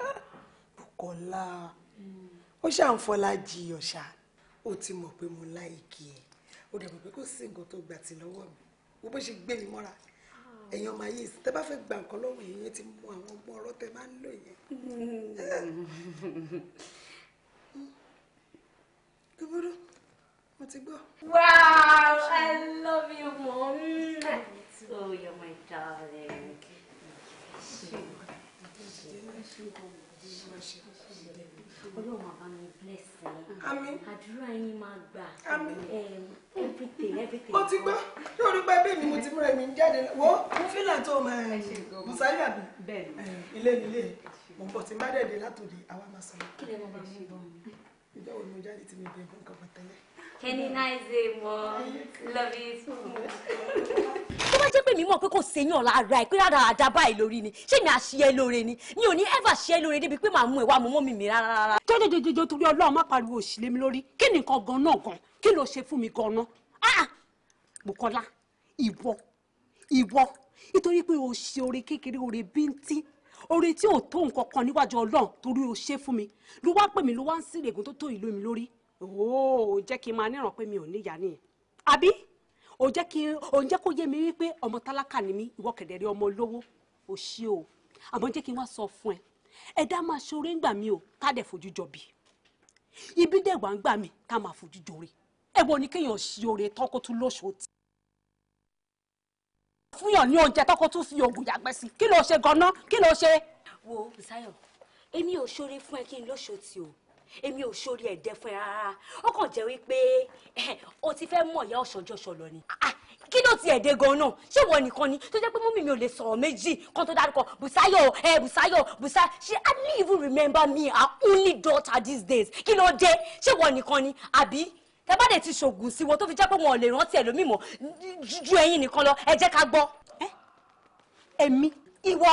Ah, Bùkọ́lá ó ṣàǹfọlá jiyọ̀ ṣá ó ti mọ̀ pé mo láìkí ẹ̀ ó dẹ̀ mọ̀ pé kò sí nǹkan tó gbà tí lọ́wọ́ mi wo bó ṣe gbé mi mọ́ra ẹ̀yin ọmọ ayé tẹ bá fẹ́ gba nǹkan lọ́wọ́ èèyàn ti mú àwọn ọmọ ọ̀rọ̀ tẹ máa ń lò yẹn. [laughs] kò mo ti gbọ́. wow i love you mom. oh you're my darling. Ọlọ́run àbá mi bless ẹ. Àmín. Àdúrà yín máa gbà. Àmín. Everything everything. Ó ti gbọ́. Ṣé o nípa ẹbí mi mo ti múra mi jáde wo? Mo fi là tó máa Mùsáyé àbí? Bẹ́ẹ̀ni. Ilé nílé mo bọ̀ tí n látòdì àwa máa sọ̀rọ̀. Kí lè mo máa fi bọ̀ mi? ìjọ wo ni mo jáde tí mi bẹ fún nǹkan kan tẹ́lẹ̀. kẹ́ni náà ṣe mọ́ love you too tó bá jẹ́ pé mi mọ̀ pé kò séyàn lára ẹ̀ pé rárá àdá báyìí lórí ni ṣé mi àṣìyẹ lóore ni mi ò ní ever ṣìyẹ lóore débi pé màá mú ẹ wá mú mọ́ mi mi rárá rárá. jọjọjọjọ torí Ọlọ́run má pariwo òṣì lé mi lórí kí nìkan ganan gan kí ló ṣe fún mi ganan ah Bùkọ́lá ìwọ ìwọ nítorí pé o ṣe oore kékeré oore bíntín oore tí ò tó nǹkan kan níwájú ọlọ́run torí o ṣe fún mi ló wá pè mí ló wá ń sí ìrègùn tó tó ìlú mi lórí ooo jẹ́ kí n máa níran pé mi ò níyà nìyẹn àbí ò jẹ́ kí ò ń jẹ́ kó yé mi wípé ọmọ tálákà ni mí ìwọ kẹ̀dẹ̀rẹ̀ ọmọ olówó ò ṣe o àmọ́ jẹ́ kí n wá sọ fún ẹ ẹ̀dá máa ṣoore ń gbà mí o ká dẹ̀ fojú jọ bí ibi dẹ̀ wá ń gbà mí ká máa fojú jọre ẹ wo ni kéèyàn ṣe oore tán kó tún fúnyàn ní oúnjẹ tọkọ tún fi oògùn yàgbẹ́ sí kí ló ṣe ganan kí ló ṣe. wo Bùsáyọ̀ èmi ò ṣoore fún ẹ kí n lóṣò tí o èmi ò ṣoore ẹ̀dẹ́ fún ẹ rárá ó kàn jẹ́ wípé o ti fẹ́ mọ̀ ìyá ọ̀ṣọ́jọ́ṣọ́ lọ ni ah, ah, kí ló ti ẹ̀dẹ́ gan-an ṣé ìwọ nìkan ni tó jẹ́ pé mọ́mí mi ò lè sọ̀rọ̀ méjì kan tó dárúkọ Bùsáyọ̀ ẹ Bùsáyọ̀ Bùsá ṣe I don't even remember me her only daughter these days kí ló dé ṣé ìwọ nìkan ni àbí tẹ bá dẹ̀ ti ṣògùn sí wọn tó fi jẹ́ pé wọn ò lè rántí ẹlòmíì mọ́ ju ẹ̀yin nìkan lọ ẹ jẹ́ ká gbọ́. èmi ìwọ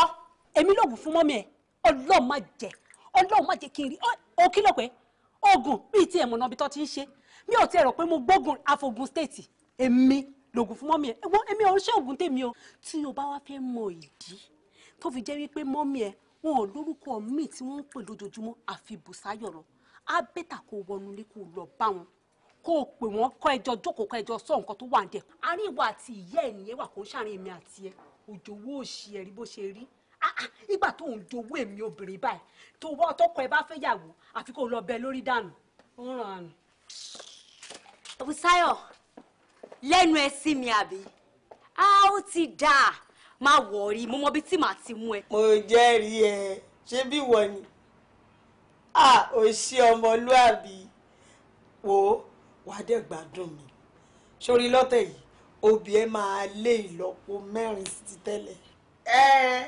èmi ló wù fún mọ́mí ẹ ọlọ́run má jẹ́ ọlọ́run má jẹ́ kí n rí ọ kí ló pé oògùn bíi ti ẹ̀mọ̀nà ibi tó ti ń ṣe mi ò tiẹ̀ rò pé mo gbógun àfọ̀gùn stéètì èmi lògùn fún mọ́mí ẹ ẹ̀wọ́n èmi ò ń ṣoògùn tèmi o tí o bá wá fẹ́ mọ ìdí tó fi jẹ́ wípé mọ́mí ẹ wọn ò lórúkọ míì tí wọ́n ń pè lójoojúmọ́ àfi bùsáyọ̀ lọ á bẹ́tà kó wọnú ilé kó lọ bá wọn kó o pè wọ́n kọ́ ẹjọ́ jókòó kọ́ ẹjọ́ sọ nǹkan tó wà nídẹ̀. àárín ìwà àti ìyá ènìyàn wà kó ń ṣàárín èmi àti ẹ òjòwò òṣì ẹ rí bó ṣe rí nígbà ah, ah, tó ń jowó èmi obìnrin báyìí tó wọ́ tọkọ ẹ bá fẹ́ yàwó àfi kó lọ bẹ lórí dànù ó ń ràn án. Bùsáyọ̀ lẹ́nu ẹ sí mi àbí a ó ti dáa máa wọ̀ rí mo mọ ibi tí màá ti mú ẹ. mo jẹ́rìí ẹ ṣé bí wọ ni a ò ṣe ọmọlúàbí wò ó wà á dẹ̀ gbádùn mi sórí lọ́tẹ̀ yìí obì ẹ máa lé ìlọ́po mẹ́rin sí tẹ́lẹ̀ ẹ ẹ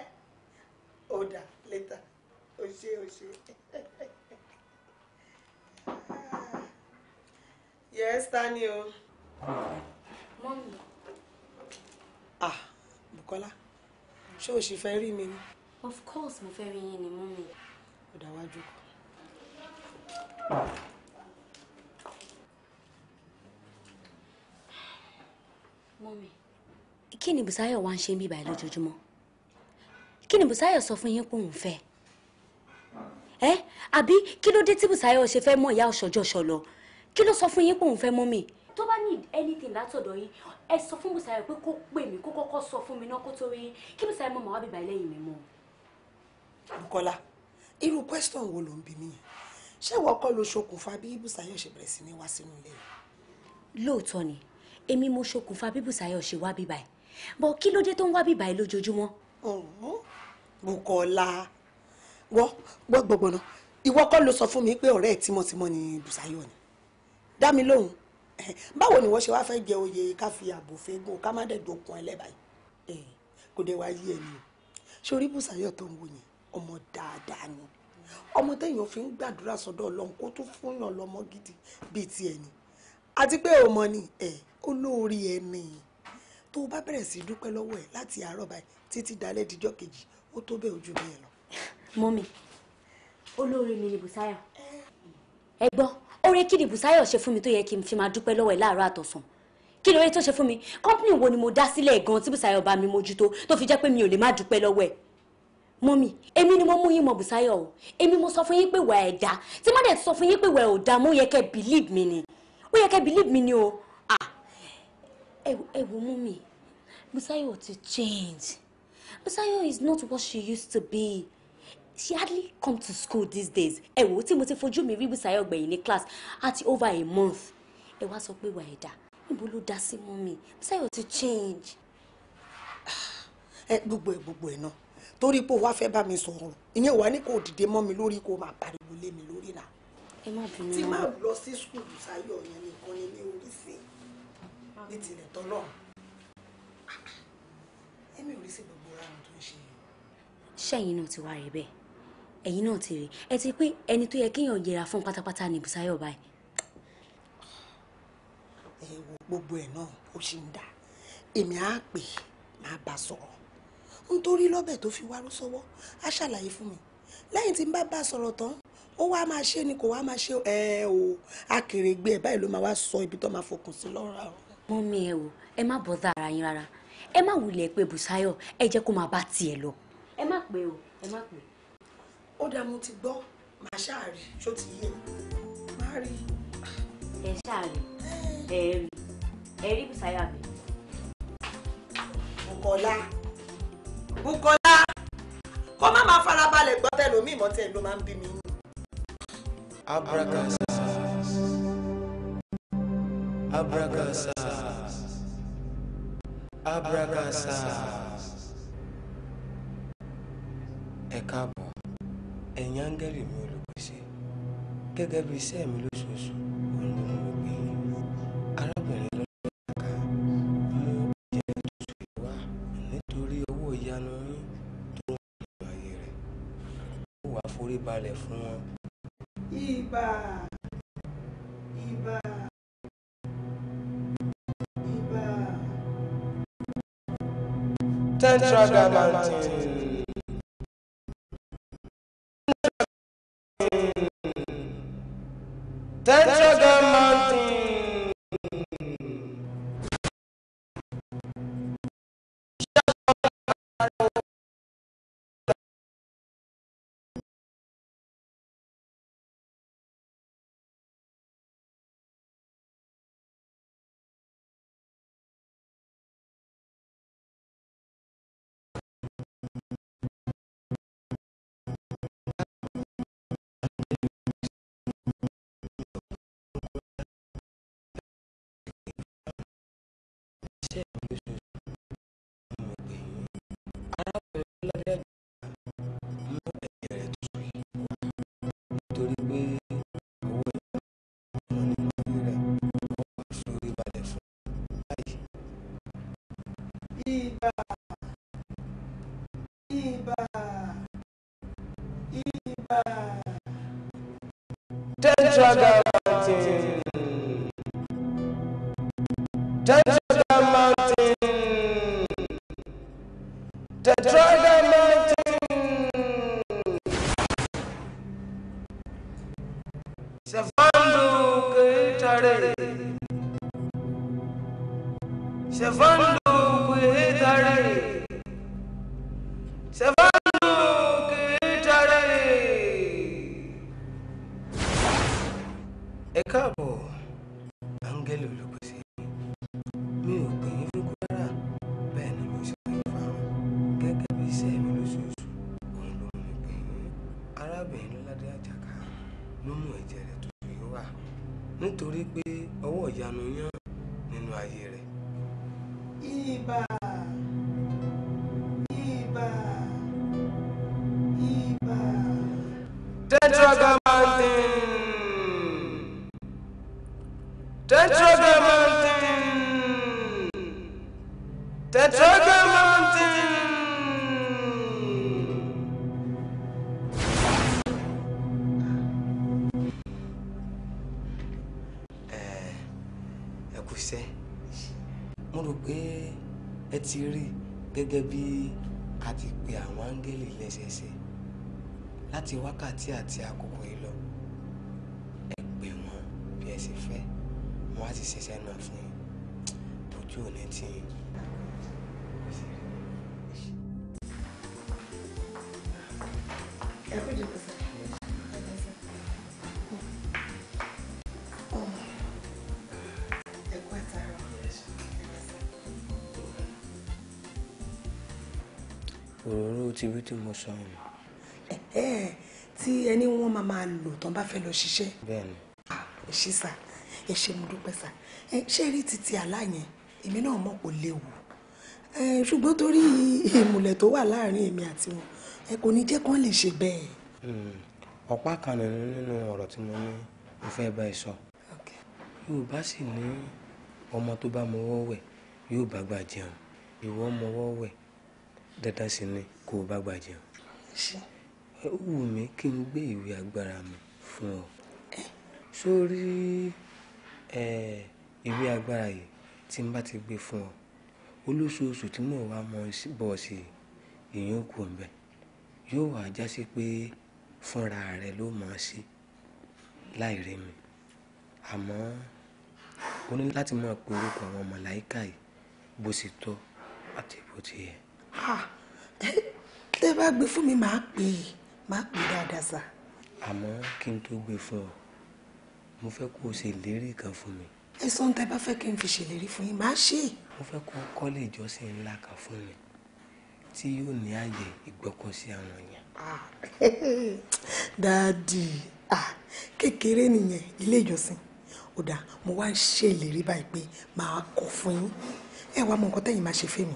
ó dà létà ó ṣe ó ṣe. [laughs] yes tani o. mọ́mí. ah Bukola ṣé o ṣì fẹ́ rí mi ni. of course mo fẹ́ rí yín ni mọ́mí. ó dà wá jókòó. mọ́mí. kí ni Bùsáyọ̀ wá ń ṣe bí báyìí lójoojúmọ́ kí ni Bùsáyọ̀ sọ fún yín pé òun fẹ́ ẹ àbí kí ló dé tí Bùsáyọ̀ ṣe fẹ́ mọ ìyá ọ̀ṣọ́jọ́ ọ̀ṣọ́ lọ kí ló sọ fún yín pé òun fẹ́ mọ́mí tó bá need anything látọ̀dọ̀ yín ẹ sọ fún Bùsáyọ̀ pé kó pè mí kó kọ́kọ́ sọ fún mi náà kó tó rí yín kí Bùsáyọ̀ mọ̀ máa wá bèbà lẹ́yìn mi mọ́. Bukola irú question wo ló ń bi mí yẹn ṣé ìwọ kọ́ ló ṣokùnfà bí Bùsáyọ̀ ṣe bẹ̀rẹ̀ sí ní wá sínú ilé yìí. lóòótọ́ ni èmi mo ṣokùnfà bí Bùsáyọ̀ ṣe wá bíbá ẹ̀ bọ̀ kí ló dé tó ń wá bíbá ẹ̀ lójoojúmọ́. Bùkọ́lá wọ́ gbọ́ gbọ́gbọ́nà ìwọ kọ́ ló sọ fún mi pé ọ̀rẹ́ ẹ̀ tímọ́tímọ́ ni Bùsáyọ̀ ni dá mi lóhùn [laughs] báwo ni wọ́n ṣe wáá fẹ́ jẹ oyè ká fi ààbò fẹ́gùn ká má dẹ̀ dokun ẹlẹ́bàá yìí kò dé wá yí ẹni o sórí Bùsáyọ̀ tó ń wò yẹn ọmọ dáadáa ni ọmọ téèyàn fi ń gbàdúrà sọ́dọ̀ Ọlọ́run kó tún fún yàn lọ́mọ gidi bíi ti ẹni àti pé òun ni ẹ̀ eh olóore ẹni tó o bá bẹ̀rẹ̀ sí dúpẹ́ lọ́wọ́ ẹ̀ láti àárọ̀ báyìí títí dalẹ́ dijọ́ kejì ó tó bẹ́ẹ̀ ojú mi ẹ̀ lọ. mọ́mì olóore mi ni Bùsáyọ̀ ẹ gbọ́ oore kí ni Bùsáyọ̀ ṣe fún mi tó yẹ kí n fi máa dúpẹ́ lọ́wọ́ ẹ̀ láàárọ̀ àtọ̀sán kí ni oore tó ṣe fún mi kọ́ńpìnì wo ni mo dá sílẹ̀ gan tí Bùsáyọ̀ bá mi mójútó tó fi jẹ́ pé mi ò lè má dúpẹ́ lọ́wọ́ ẹ̀ mọ́mì èmi ni mo mú yín mọ Bùsáyọ̀ o èmi mo sọ fún yín pé wà ẹ̀ tí má dẹ̀ sọ fún yín pé wà ẹ̀ ò mo yẹ kẹ́ believe mi ni ó yẹ kẹ́ believe mi ni o ẹ wo mummy Busayo ti change Busayo is not what she used to be she hardly come to school these days ẹ wo tí mo ti fojú mi rí Busayo gbẹ̀yìn ní class àti over a month ẹ wá sọ pé wà ẹ̀dá níbo ló dá sí mummy Busayo ti change. ẹ gbogbo ẹ gbogbo ẹ náà torí pé o wá fẹ́ bá mi sọ̀rọ̀ ìyẹn wà ní kò dìde mọ́ mi lórí kò máa pariwo lé mi lórí náà. ẹ má bínú mọ́ tí máa lọ sí skul Busayo yẹn nìkan ni mi ò rí sí i ní tilẹ̀ tọ́lọ́run èmi ò rí sí gbogbo ránu tó ń ṣe yìí. ṣẹ́yìn náà ti wá rí bẹ́ẹ̀ ẹ̀yin náà ti rí ẹ ti pé ẹni tó yẹ kéèyàn yẹra fún pátápátá ní Bùsáyọ̀ báyìí. ẹ wo gbogbo ẹ náà ó ṣì ń dà èmi á pè máa bá sọ̀rọ̀ nítorí lọ́bẹ̀ tó fi wárú sọ́wọ́ á ṣàlàyé fún mi lẹ́yìn tí n bá bá sọ̀rọ̀ tán ó wá máa ṣe ni kò wá máa ṣe ẹ o akèrègbè ẹ báyìí ló máa wá sọ ibi tó máa fokùn sí lọ́rọ̀ àwọn mọ́mí ẹ o ẹ má bọ́dà ara yín rárá ẹ má wulẹ̀ pé Bùsáyọ̀ ẹ jẹ́ kó máa bá tiẹ̀ lọ. ẹ má pè o ẹ má pè. ó dáa mo ti gbọ́ màá ṣáàrì ṣó ti yé màá rí. ẹ ṣáàrì ẹ rí ẹ rí Bùsáyọ̀ àbí. Bùkọ́lá Bùkọ́lá kó má máa farabalẹ̀ gbọ́ tẹ̀ lómi ìmọ̀ tẹ̀ ló máa ń bí mi. abracasa abracasa abracasas ẹ káàbọ̀ ẹ̀yin áńgẹ́lì mi olùpèsè gẹ́gẹ́ bí iṣẹ́ mi lóṣooṣù òun ló mú mi gbé yín arábìnrin lọ́dọ̀ ìyàká mú jẹ́ tuntun ìwá nítorí owó ìyanu yín tó ń rìn àyè rẹ̀ ó wàá forí balẹ̀ fún wọn. ibà. Central government. Tetragrammaton. Tetragrammaton. láti wákàtí àti àkókò yìí lọ ẹ pè wọn bí ẹ sì fẹ́ wọn á sì ṣiṣẹ́ náà fún yín tójú òní tí yín. ẹ kú jẹ́ pẹ̀sẹ̀. òróró ti wí tí mo sọ ọ̀hún tí ẹni wọn máa máa lò tán bá fẹ́ lọ ṣiṣẹ́. bẹ́ẹ̀ni. ẹ ṣé sà ẹ ṣé mo dúpẹ́ sà ẹ ṣé rí títí àlá yẹn èmi náà mọ̀ kò léwu ṣùgbọ́n torí ìmùlẹ̀ tó wà láàrin èmi àti wọn ẹ kò ní jẹ́ kán lè ṣe bẹ́ẹ̀. Hmm, ọ̀pá kan nínú ọ̀rọ̀ tí mo ní mo fẹ́ bá ẹ sọ yorùbá sì ní ọmọ tó bá mọwọ́ wẹ̀ yóò bá gbà jẹun ìwọ mọwọ́ wẹ̀ dandan sì ni kò bá gbà jẹun ẹ wù mí kí n gbé ìwé agbára mi fún ọ sórí ẹ ìwé agbára yìí tí n bá ti gbé fún ọ olóṣooṣù tí mò ń wá mọ bọ sí ìyẹn kù mbẹ yóò wá jásí pé fúnra rẹ ló mọ sí láì rí mi àmọ́ o ní láti máa pe orúkọ àwọn màláìka yìí bó sì tọ́ àti bó ti yẹ. Ah, tẹ́ bá gbé fún mi màá pè é má pè dáadáa sà. àmọ́ kí n tó gbé fún ọ mo fẹ́ kó o ṣe ìlérí kan fún mi. ẹ sọ ohun tẹ bá fẹ́ kí n fi ṣèlérí fún yín máa ṣe. mo fẹ́ kó o kọ́lé ìjọsìn ńlá kan fún mi tí yóò ní àyè ìgbọ́kọ̀sí àwọn èèyàn. [laughs] dáàdì kékeré nìyẹn ilé ìjọsìn ó dáa mo wá ń ṣe ìlérí báyìí pé màá kọ́ fún yín ẹ wá mọ nǹkan tẹ́yìn máa ṣe fèmí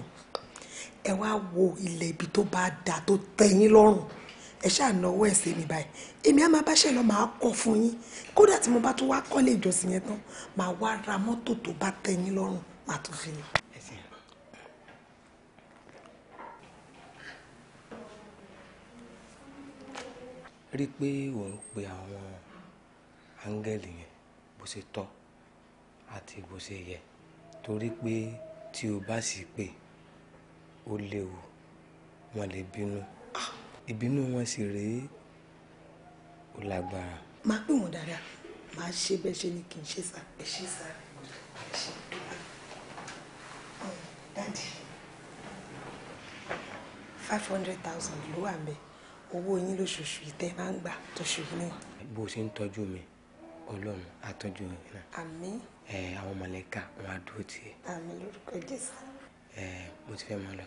ẹ wá wo ilẹ̀ ibi tó bá dáa tó tẹ́ lọ́rùn ẹ ṣáà náwó ẹ̀ sí mi báyìí èmi á máa báṣẹ́ lọ máa kọ́ fún yín kódà tí mo bá tún wá kọ́lé ìjọsìn yẹn tán máa wá ra mọ́tò tó bá tẹ́ yín lọ́rùn máa tún fi yín. rí i pé ò ń pe àwọn áńgẹ́lì yẹn bó ṣe tọ́ àti bó ṣe yẹ torí pé tí o bá sì pè ó léwu wọn lè bínú. Ah! ìbínú wọn sì rèé ò lágbára. máa pè wọ́n dáadáa máa ṣe bẹ́ẹ̀ ṣe ni kì í ṣe sá. ẹ ṣe sá dáàdì five hundred thousand ló wà ńbẹ̀ owó yín lóṣooṣù yìí tẹ́ máa ń gbà tóṣù yìí níwọ̀n. bó o ṣe ń tọ́jú mi ọlọ́run àtọ́jú yín náà. àmín. ẹ àwọn mọ̀lẹ́kà wọn á dúró tiẹ̀. àmín lórúkọ jésù. ẹ mo ti fẹ́ máa lọ.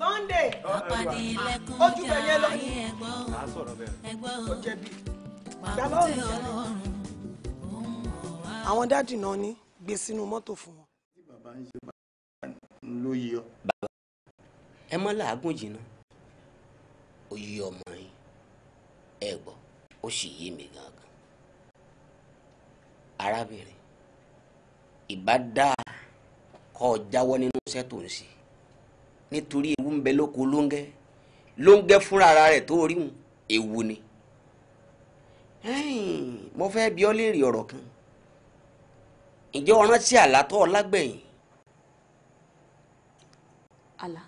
Sunday ojú bẹ yẹn lọ ó jẹbi gbàlọ́ọ̀nù àwọn dádì náà ní gbé sínú mọ́tò fún wọn. bàbá ẹ mọ́ làágùn jìnnà ó yí ọmọ yín ẹ gbọ́ ó sì yé mi gangan arábìnrin ìbá dáa kọ́ ọ jáwọ́ nínú iṣẹ́ tó ń ṣe nítorí ewu ń bẹ lóko lóńgẹ́ lóńgẹ́ fúnra ara rẹ̀ tó rí mu ewu ni. mo fẹ́ bi ọ́ léèrè ọ̀rọ̀ kan ǹjẹ́ o rántí àlá tó o lágbẹ̀yìn. àlá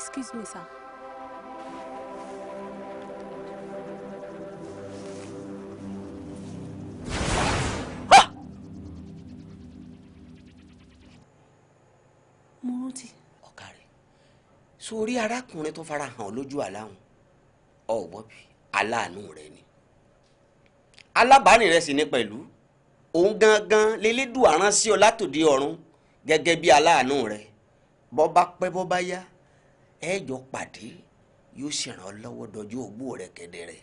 excuse me, sir. mo rántí. ọ̀gá rẹ̀ sórí arákùnrin tó fara hàn lójú àláhùn ọ̀gbọ́n bíi aláàánú rẹ̀ ni alábàárìn rẹ̀ sì ni pẹ̀lú òun gangan lelédùn àránṣẹ́ ọ látòdì ọ̀run gẹ́gẹ́ bí aláàánú rẹ̀ bọ́ bá pẹ́ bọ́ bá yá ẹ jọ pàdé yóò ṣèràn lọ́wọ́ dọjú ògbó rẹ kedere.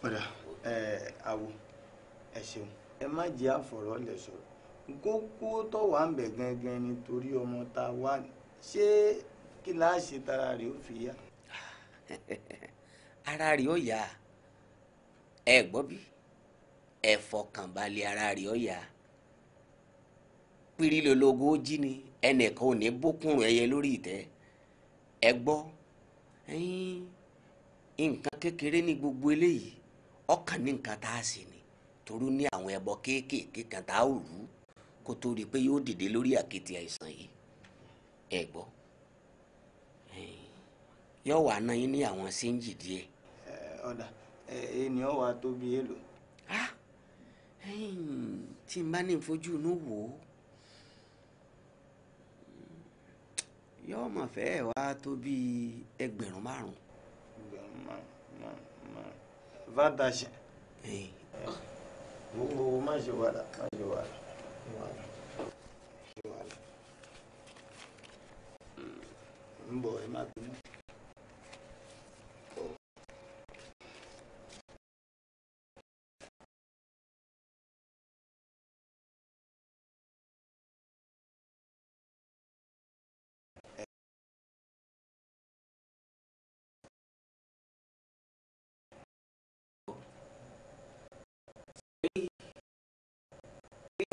padà ẹ awo ẹ ṣeun ẹ má jẹ́ àfọ̀rọ̀ lẹ̀ sọ̀rọ̀ kókó tó wà ń gangan nítorí ọmọ tá a kí tara rẹ̀ ó fi yá. [laughs] ara ó yá ẹ gbọ́ bí ẹ fọkànbalẹ̀ ara ó yá ni ẹnìkan ò ní bókùnrin egbo gbọ́ nǹkan kékeré ní gbogbo eléyìí ọkàn ní nǹkan tá a sì ní torú ní àwọn ẹbọ kéékèèké kan tá a ò rú kó tó rí i pé yóò dìde lórí àìsàn yìí yóò náà ní àwọn séńjì díẹ̀. ọ̀dà ènìyàn wà tó bí èlò. Ah, tí n bá ní inú yóò mọ̀ fẹ́ wá tó bíi ẹgbẹ̀rún márùn. ẹgbẹ̀rún márùn vantage. gbogbo má ṣe wàhálà má ṣe wàhálà ń bọ̀ ẹ má pè.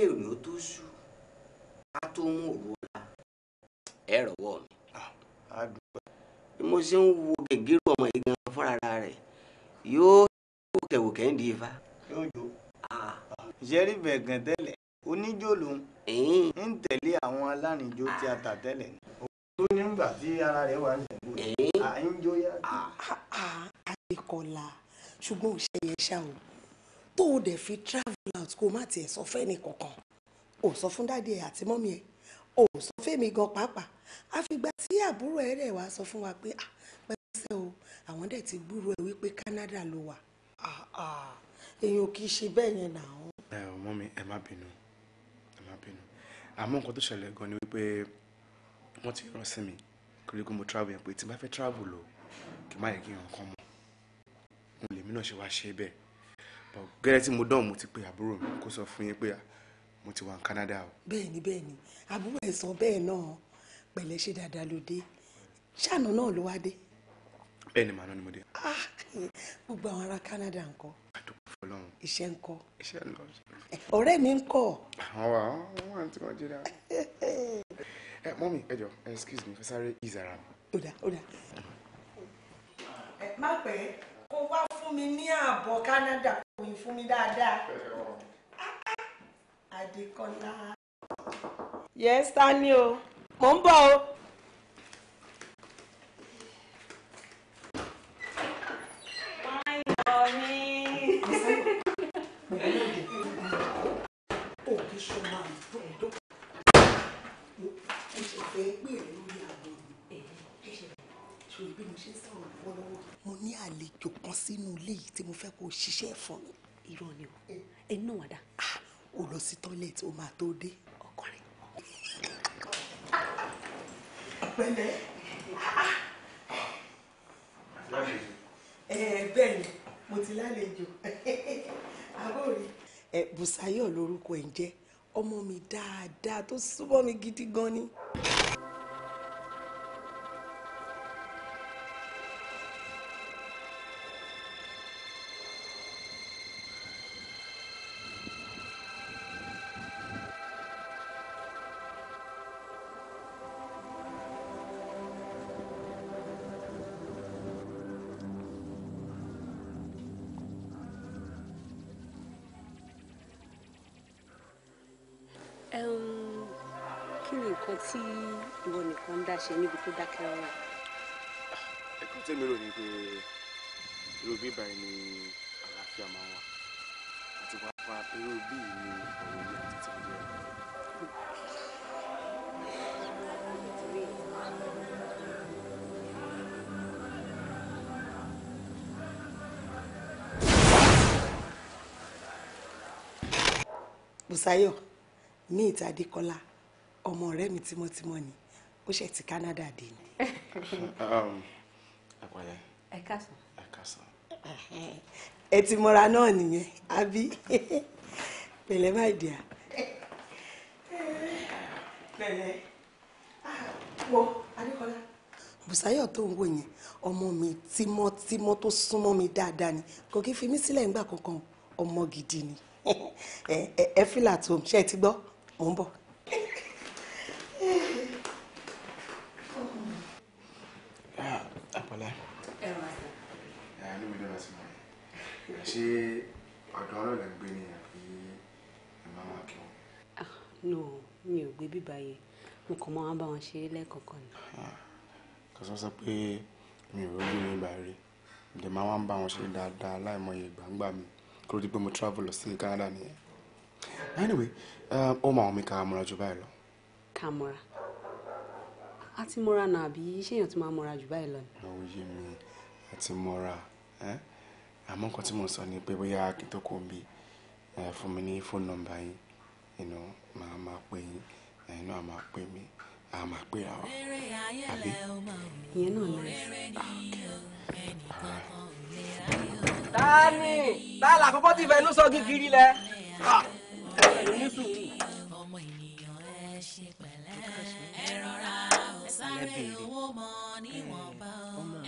èrò tó ṣú á tó mú òru ọ̀la ẹ rọ̀wọ́ mi. bí mo ṣe ń wo gègérò ọmọ yìí gan fúnra rẹ̀ yóò wòkẹ̀wòkẹ̀ ń di ifá. yóò jó ṣẹ́rí bẹ̀gàn tẹ́lẹ̀ oníjó lòun ń tẹ̀lé àwọn alárìnjó tí a tà tẹ́lẹ̀ ni. tó nígbà tí ara rẹ̀ wà ń sẹ́yìn à ń jó yá. àyíkọ́lá ṣùgbọ́n òṣèyẹ ṣá o tó o dẹ̀ fi travel out kó o má tiẹ̀ sọ fẹ́ni kankan ò sọ fún dáàdi ẹ̀ àti mọ́mí ẹ̀ ò sọ fẹ́mi gan pàápàá àfìgbà tí àbúrò ẹ̀ rẹ̀ wá sọ fún wa pé ah pẹ́pẹ́sẹ́ o àwọn dẹ̀ ti gbúrò ẹ̀ wípé Canada ló wà ah ah èèyàn kì í ṣe bẹ́ẹ̀ yẹn náà. ẹ ò mọ́mí ẹ má bínú ẹ má bínú àmọ́ nǹkan tó ṣẹlẹ̀ gan ni wípé wọ́n ti rán sí mi kiri kó mo travel yẹn pé tí n bá fẹ́ travel o kì má yẹ kí n kàn mọ́ mo lèmi náà ṣe wá ṣe bẹ́ẹ̀ gẹ́gẹ́ tí mo dán mo ti pe àbúrò mi kó sọ fún yín pé mo ti wà ní Canada o. bẹ́ẹ̀ni bẹ́ẹ̀ni àbúrò ẹ sọ bẹ́ẹ̀ náà pẹ̀lẹ́ ṣe dáadáa ló dé ṣáànà náà ló wá dé. bẹ́ẹ̀ni màá náà ni mo dé. Ah, gbogbo àwọn ará Canada ńkọ́. àdúgbò fọlọ́run. iṣẹ́ ńkọ́. iṣẹ́ lọ. ọ̀rẹ́ mi ńkọ́. àwọn wa wọn wà tí wọn jí dá. ẹ mọ́mí ẹ excuse me fẹ́ sáré ìzàrà mi. ó dà ó dà. ẹ má pẹ́ kó wá fún mi ní ààbọ̀ Canada ròyìn fún mi dáadáa Adékọ́lá. yẹ́sà ni o mò ń bọ̀ o. ó ṣiṣẹ́ fún mi. irọ́ ni o eh. ẹni náà wà dá. Ah, ó lọ sí tọ́lẹ̀tì ó máa tó dé. ọkùnrin. pẹ̀lẹ́. Ah. Eh, bẹ́ẹ̀ ni mo ti lálejò [laughs] àbórí. ẹ eh, Bùsáyọ̀ lórúkọ ẹ̀ ń jẹ́ ọmọ mi dáadáa tó súnmọ́ mi gidi gan ni. ṣe níbi tó dákẹ́ rọ́rọ́ yìí. ẹ̀kọ́ tèmi rò ní pé irú bíbá yìí ni àlàáfíà máa wà àti pàápàá irú bíi ni ọ̀rọ̀ yìí àti tìǹbù yẹn. Bùsáyọ̀ ní ìtàdé kọ́lá ọmọ ọ̀rẹ́ mi tímọ́tímọ́ ni ó ṣe ti Canada dé ni. Um, àpẹẹrẹ ẹ kásán. ẹ kásán. ẹ ti mọra náà nìyẹn àbí pẹ̀lẹ́ máa dì á. pẹ̀lẹ́ ah, wọ adékọlá. Bùsáyọ̀ tó ń wò yẹn ọmọ mi tímọ́tímọ́ tó súnmọ́ mi dáadáa ni kò kí fi mí sílẹ̀ ńgbà kankan ọmọ gidi ni [laughs] ẹ ẹ fìlà tó ṣe ti gbọ́ mò ń bọ̀. kò máa ń bá wọn ṣeré lẹ́ẹ̀kọ̀ọ̀kan ni. kò sọ sọ pé mi ò rójú ní ìgbà rí ǹdẹ̀ máa wá ń bá wọn ṣe dáadáa láìmọye gbàǹgbà mi kúrò dípé mo travel lọ sí Canada nìyẹn. anyway eh, ó máa wọn mi ká múra jù báyìí lọ. ká múra a ti múra nà àbí ṣéèyàn ti máa múra jù báyìí lọ ni. àwọn mi a ti múra eh? àmọ́ nǹkan tí mo sọ ni pé bóyá kí n tó kó mi eh, fún mi ní fóònù nọ́mbà yín màá máa pè yín ẹ̀yin náà máa pè mí a máa pè ra wa àbí. ìyẹn náà náà. Ah, ah. tani tani àkọ́kọ́ ti fẹ́ inú sọ kíkiri lẹ. Ah. ọmọ ènìyàn ẹ ṣe pẹ̀lẹ́ ẹ rọra ó sáré owó mọ níwọ̀nba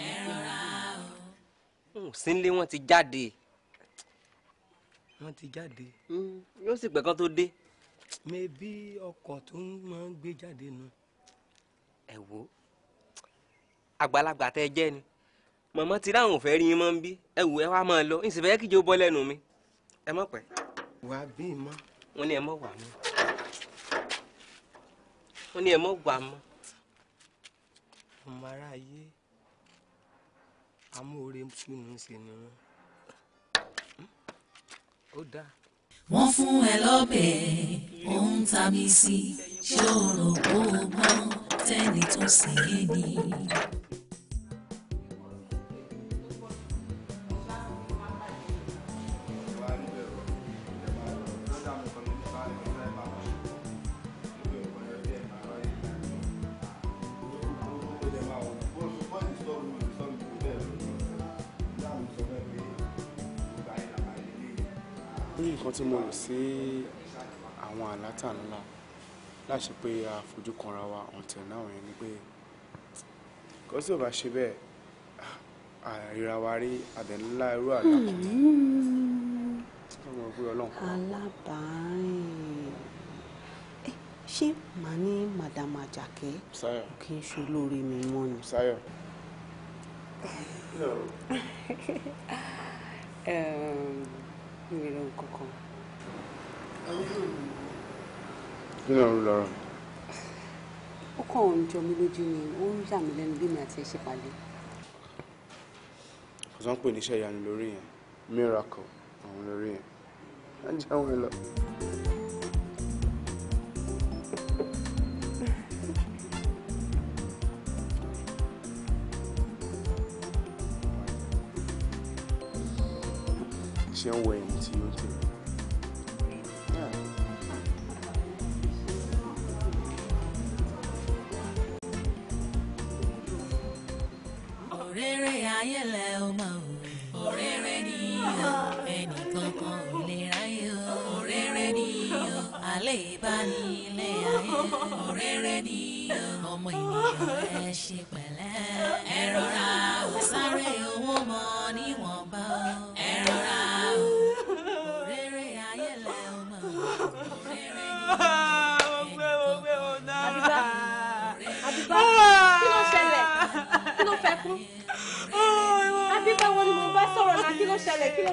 ẹ rọra ó. sínlé wọn ti jáde wọn ti jáde hmm, yóò sì pẹ́ kán tó dé mẹbí ọkọ̀ tó máa ń gbé jáde nu. ẹ wo àgbàlagbà tẹ jẹ ni màmá ti ráhùn ò fẹ́ rí yín mọ́ ń bí ẹ wò ẹ wá máa lọ ń sì fẹ́ kíjọ bọ́ lẹ́nu mi ẹ mọ̀ pẹ́. wàá bí i mọ́. wọ́n ní ẹ mọ̀ wà mọ́ wọ́n ní ẹ mọ̀ wà mọ́. ọmọ aráyé amóore túnú ṣe ni wọn ó dáa wọ́n fún ẹ lọ́bẹ̀ òun tàbí sí ṣé o rò ó tó sì é ni. láì ṣe a fojú kanra wa ọ̀tẹ̀ náà yẹn ni pé kò sí ò bá ṣe bẹ́ẹ̀ àríra wa rí àdẹ̀ńlá irú àlá kan alábàárìn eh, ṣé màá ní madam Àjàkẹ́ kì í ṣe olóore mi mọ́ ni. [laughs] mi ò rò nǹkan kí ló ń rú lọ́rọ̀. ó kàn ń jọ mí lójú ni ó ń yà mí lẹ́nu bí mi àti ẹ̀ ṣe pàdé. kò tó ń pè níṣẹ́ ìyanu lórí yẹn miracle àwọn lórí yẹn á jẹun ẹ lọ. ṣé ń wọ ẹ̀yìn.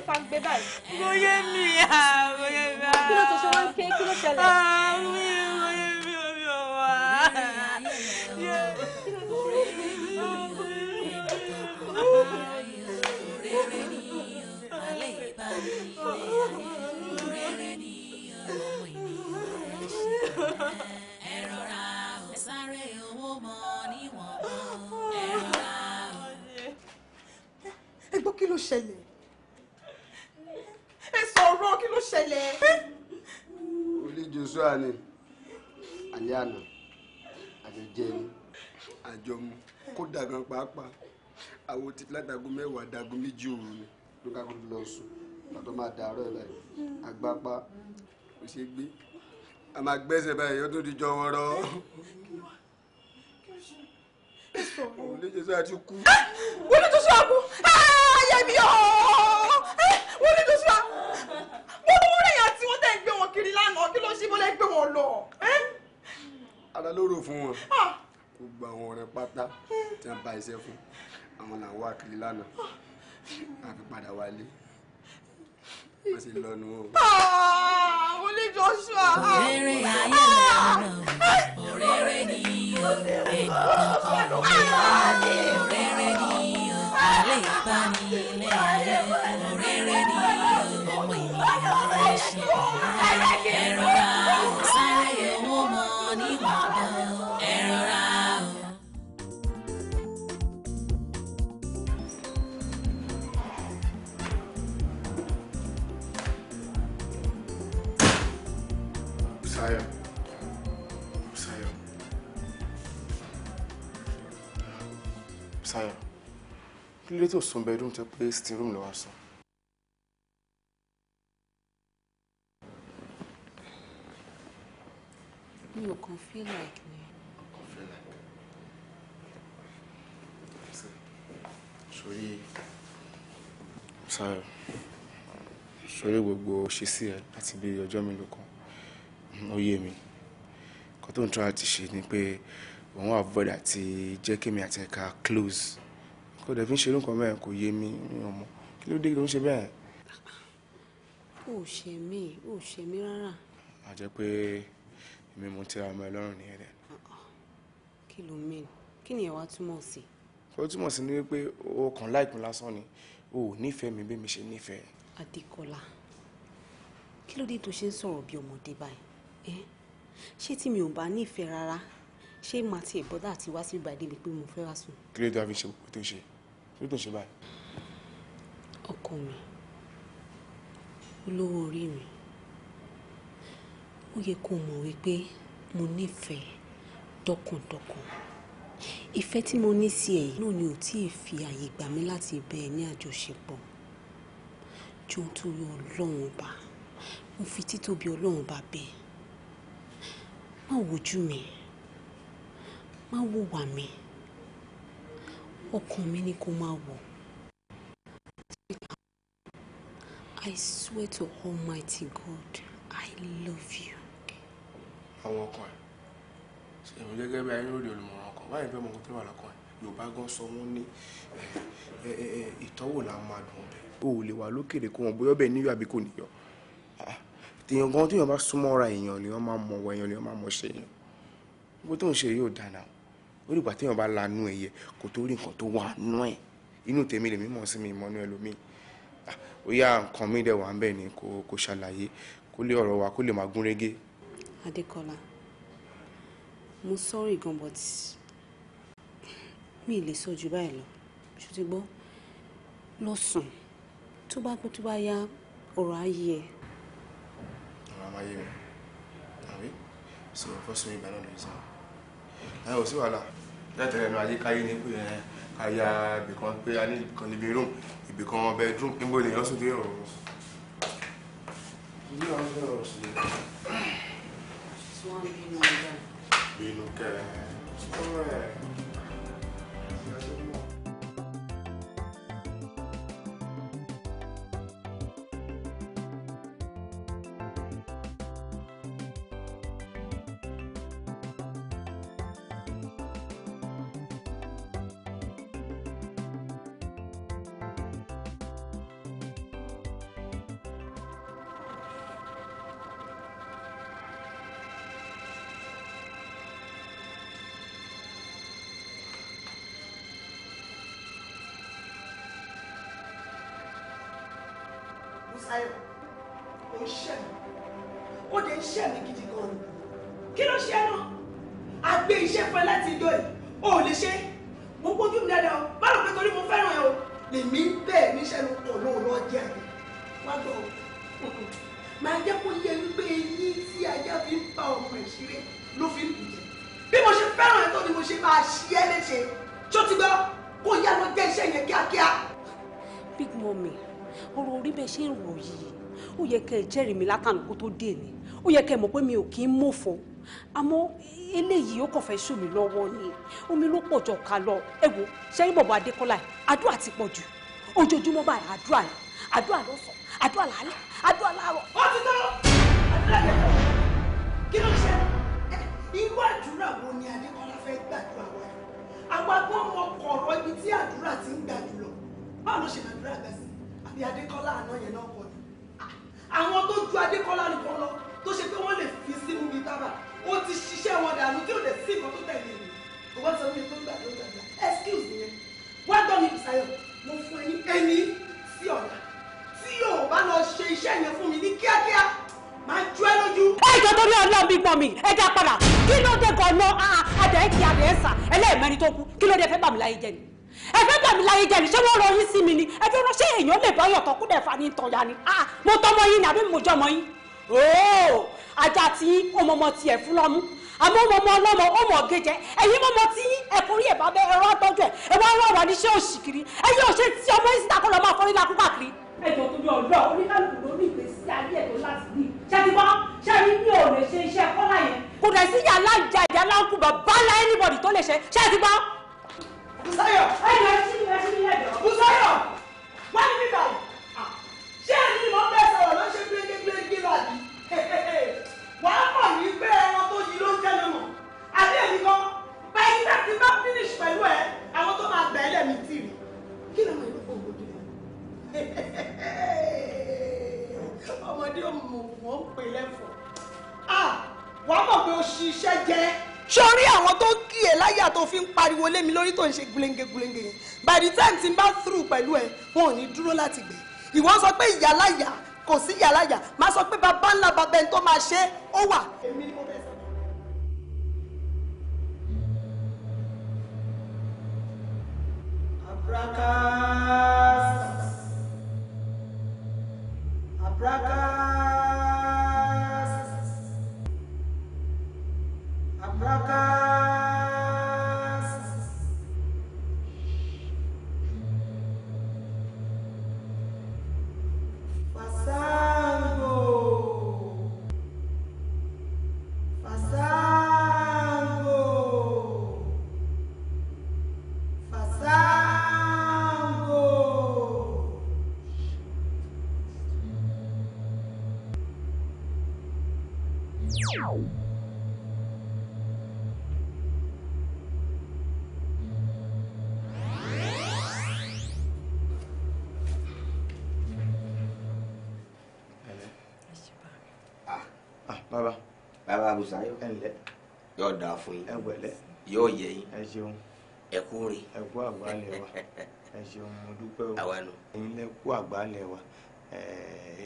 fa gbé báyìí. mo yé mi à mo yé mi à. kí ló ti ṣe wọn ké kí ẹ gbọ́ kí ló ṣẹlẹ̀ ẹ sọ̀rọ̀ kí ló ṣẹlẹ̀. olè joshua ni alẹ́ àná àjọ jẹun àjọ mu kódà pàápàá àwọn ti látago mẹ́wàá dago méjì òru ni ló lọ sùn pàtó máa dàárọ̀ ẹ̀ láì agbápá kò ṣeé gbé a máa gbẹ́sẹ̀ báyìí ó di jọwọ́rọ́ òun lè jésù àti kú. wọ́n ní tó ayé mi ọ̀ wọ́n ní mo ní múlẹ̀ yẹn tí wọ́n tẹ̀ ń gbé wọn kiri lánàá kí ló ṣe bọ́lẹ̀ gbé wọn lọ. ara ló rò fún wọn kó ah! gba àwọn ọ̀rẹ́ pátá tí wọ́n bá iṣẹ́ fún àwọn làwọn wá kiri lánàá àfi padà wálé wọ́n sì lọ nu wọn. àwọn ah! olè Joshua. òrèrè ah! ayé lẹ́nu òrèrè ni òrèrè kankan ló wà ní òrèrè ni àlè ìbánilẹ̀ ayé òrèrè ẹ̀rọra sáré owó mọ nígbàgbọ́ ẹ̀rọra. Sayo. Sayo. Sayo. Kí ló dé tó sùn bẹ́ẹ̀dùn tẹ́ pé sitting room ló wá sùn? mi ò kàn feel like ni. kàn feel like sórí sáré sórí gbogbo ṣe sí ẹ láti bí ọjọ́ mélòó kan ó yé mi nǹkan tó ń tọ́ àti ṣe ni pé òun avoid àti jẹ́ kémi àti ẹ̀ka close kó dẹ̀ fi ń ṣe irú nǹkan mẹ́rin kò yé mi mi ò kí ló dé kí ló ń ṣe bẹ́ẹ̀. ó ṣe mí ó ṣe mí rárá. a pé èmi mo ń tira ọmọ ẹlọ́run ní ẹ̀rẹ̀. Uh-uh. kí ló mean kí ni ẹ wá túmọ̀ sí. ó túmọ̀ sí ni wípé o kàn lásán ni o ò nífẹ̀ẹ́ mi bí mi ṣe nífẹ̀ẹ́. Adékọ́lá kí ló dé tó ṣe ń sọ̀rọ̀ bí ọmọdé báyìí ṣé tí mi ò bá nífẹ̀ẹ́ rárá ṣé màá ti ìbọ́dà àti wá sí ìbàdí mi pé mo fẹ́ wá sùn. kí ló dé wàá ṣe gbogbo tó ṣe tó tó ṣe báyìí. ọkọ mi olówó orí mi ó yẹ kó mọ̀ wípé mo nífẹ̀ẹ́ tọkàntọkàn ìfẹ́ tí mo ní sí ẹ̀ náà ni ò tí ì fi àyè gbà mí láti bẹ ẹ ní àjọṣepọ̀ jọ tó yọ ọlọ́run ọba mo fi títóbi ọlọ́run ọba bẹ́ẹ̀ má wojú mi má wùwà mi ọkàn mi ni kó máa wò. I swear to Almighty God, I love you àwọn ọkọ ẹ̀ èmi gẹ́gẹ́ bí ayélujára olùmọ̀ràn kan báyìí fẹ́ mọ ohun tó wà lọ́kàn ẹ̀ yorùbá gan sọ wọ́n ní ìtọ́wò là ń máa dùn ọbẹ̀ o ò lè wà lókèrè kó wọn bóyá ọbẹ̀ níyọ àbí kò níyọ ah, èèyàn gan tí èèyàn bá súnmọ́ ra èèyàn ni wọ́n máa mọ̀ wọ èèyàn ni wọ́n máa mọ̀ ṣe èèyàn gbogbo tó ń ṣe yóò dáná ó dìgbà tí èèyàn bá lanú ẹyẹ kò tó rí nǹkan tó wà nú ẹ̀ inú tèmi lèmi mọ̀ sí mi ìmọ̀nú ẹlòmíì ah, ó yá nǹkan mi dẹ̀ wà ń bẹ̀ ni kò ṣàlàyé kó lè ọ̀rọ̀ wa kó lè máa gúnrégé Adékọ́lá mo sorry gan but mi lè sọ jù báyìí lọ ṣó ti gbọ́ lọ sùn tó bá pẹ́ tó bá yá ọ̀rọ̀ ayé ẹ̀. ọ̀rọ̀ amáyé mi àbí sọ ọ̀fọ́ sórí ìgbà náà lóye sọ láyé ò sí wàhálà láti ẹnu ayé káyé ni pé aya ibìkan pé a ní ibìkan níbi room ibìkan bedroom níbo lèèyàn sùn dé ọ̀rọ̀ sùn dé ọ̀rọ̀ sùn dé ọ̀rọ̀. Just one bean on okay. Alright. kẹ́ ẹ jẹ́rìí mi látànù kó tó dé ni ó yẹ kẹ́ ẹ mọ̀ pé mi ò kí ń mòfo àmọ́ eléyìí ó kàn fẹ́ sùn mí lọ́wọ́ ni omi ló pọ̀ jọ ká lọ ẹ wo sẹ́yìn bọ̀bọ̀ adékọ́lá yìí àdúrà ti pọ̀ jù ojoojúmọ́ báyìí àdúrà yìí àdúrà lọ́sàn àdúrà lálẹ́ àdúrà láàárọ̀. wọ́n ti tán àdúrà lẹ́kọ̀ọ́ kí ló ṣe irú àdúrà wo ni adékọ́lá fẹ́ gbàdúrà wa àwọn agbọ́mọ kọ̀ọ̀rọ̀ ibi tí àdúrà ti ń gbàdúrà báwo ló ṣe gbàdúrà gbà sí àbí adékọ́lá àná yẹn náà kọ àwọn tó ju adékọ́lá nìkan lọ tó ṣe pé wọ́n lè fi sínú bíi tábà ó ti ṣiṣẹ́ wọn dànù tí ò lè sí nǹkan tó tẹ̀lé mi ìwọ sọ mi tó gbàgbé gbàgbé excuse me wá gbọ́ mi Bùsáyọ̀ mo fún ẹni ẹni sí ọ̀la tí yóò bá lọ ṣe iṣẹ́ yẹn fún mi ní kíákíá máa ju ẹ lójú. báyìí tó torí ọlọ́run bí gbọ́n mi ẹ já padà kí ló dé gan-an àdá ẹ̀kí àdá ẹ̀sà ẹlẹ́ẹ̀mẹ́rin tó kú kí ló dé fẹ́ bàmí láyé jẹ ni ẹ fẹ́ gbà láyé jẹ́ ni wọ́n rọ yín sí mi ni ẹ ránṣẹ́ èèyàn lè bá yọ̀tọ̀ kúdẹ̀ fa tọ̀yà ni ah mo tọmọ yín ni àbí mo jọmọ yín ooo ajá tí ọmọọmọ tiẹ̀ fún lọ́mú àmọ́ ọmọọmọ ọlọ́mọ ọmọ ọ̀gẹ́jẹ ẹ̀yin mọ́mọ́ tí ẹ̀kúrí ẹ̀ bá bẹ ẹ̀rọ àtọ́jú ẹ̀ ẹ̀ wá rọrùn àníṣẹ́ òṣìkiri ẹ̀yin òṣè tí ọmọ yín síta kọ́ lọ́mọ àkọ́rí làkú káàkiri. ẹ tó yọ ọlọ oníkálukú ló ní ìgbésí ayé ẹ láti ní ṣàtìmọ́ ṣẹ́ni mi ò ṣe iṣẹ́ kọ́lá yẹn. kò dẹ̀ sí yàrá ìjà ìjà láǹkù bàbá lá anybody tó lè ṣe ṣàtìmọ́ Bùsáyọ̀. Ẹ yọ ẹtí mi ẹtí mi yẹ jọ. Bùsáyọ̀. Wá ní bíbá yìí. Ṣé ẹni ni mo ń bẹ́ẹ̀ sọ̀rọ̀ ló ṣe gbégbégbé láàbí? Wàá mọ̀ ní pé ẹran tó yí ló ń jẹ́nu mọ̀. Àbí èmi kan, báyìí náà ti bá finish pẹ̀lú ẹ̀, àwọn tó máa gbẹ̀ẹ́ lẹ̀mí tì rí. Kí ni mo ìlú fún ògbójú rẹ̀? Ọmọdé òmùwọ̀n ń pè lẹ́fọ̀ọ́. Ah, Wàá mọ̀ pé o ṣiṣẹ́ jẹ́ sórí àwọn tó kí ẹ láyà tó fi ń pariwo lé mi lórí tó ń ṣe gulenge gulenge yẹn by the time tí n bá through pẹ̀lú ẹ wọn ò ní dúró láti gbé ìwọ sọ pé ìyá láyà kò sí ìyá láyà má sọ pé bàbá ńlá bàbá ẹni tó máa ṣe é ó wà. abrakas abrakas. yóò dáa fún yín yóò yẹ yín ẹ kú rìn. ẹ kú àgbálẹ̀ wa ẹ ṣeun mo dúpẹ́ o lẹ kú wa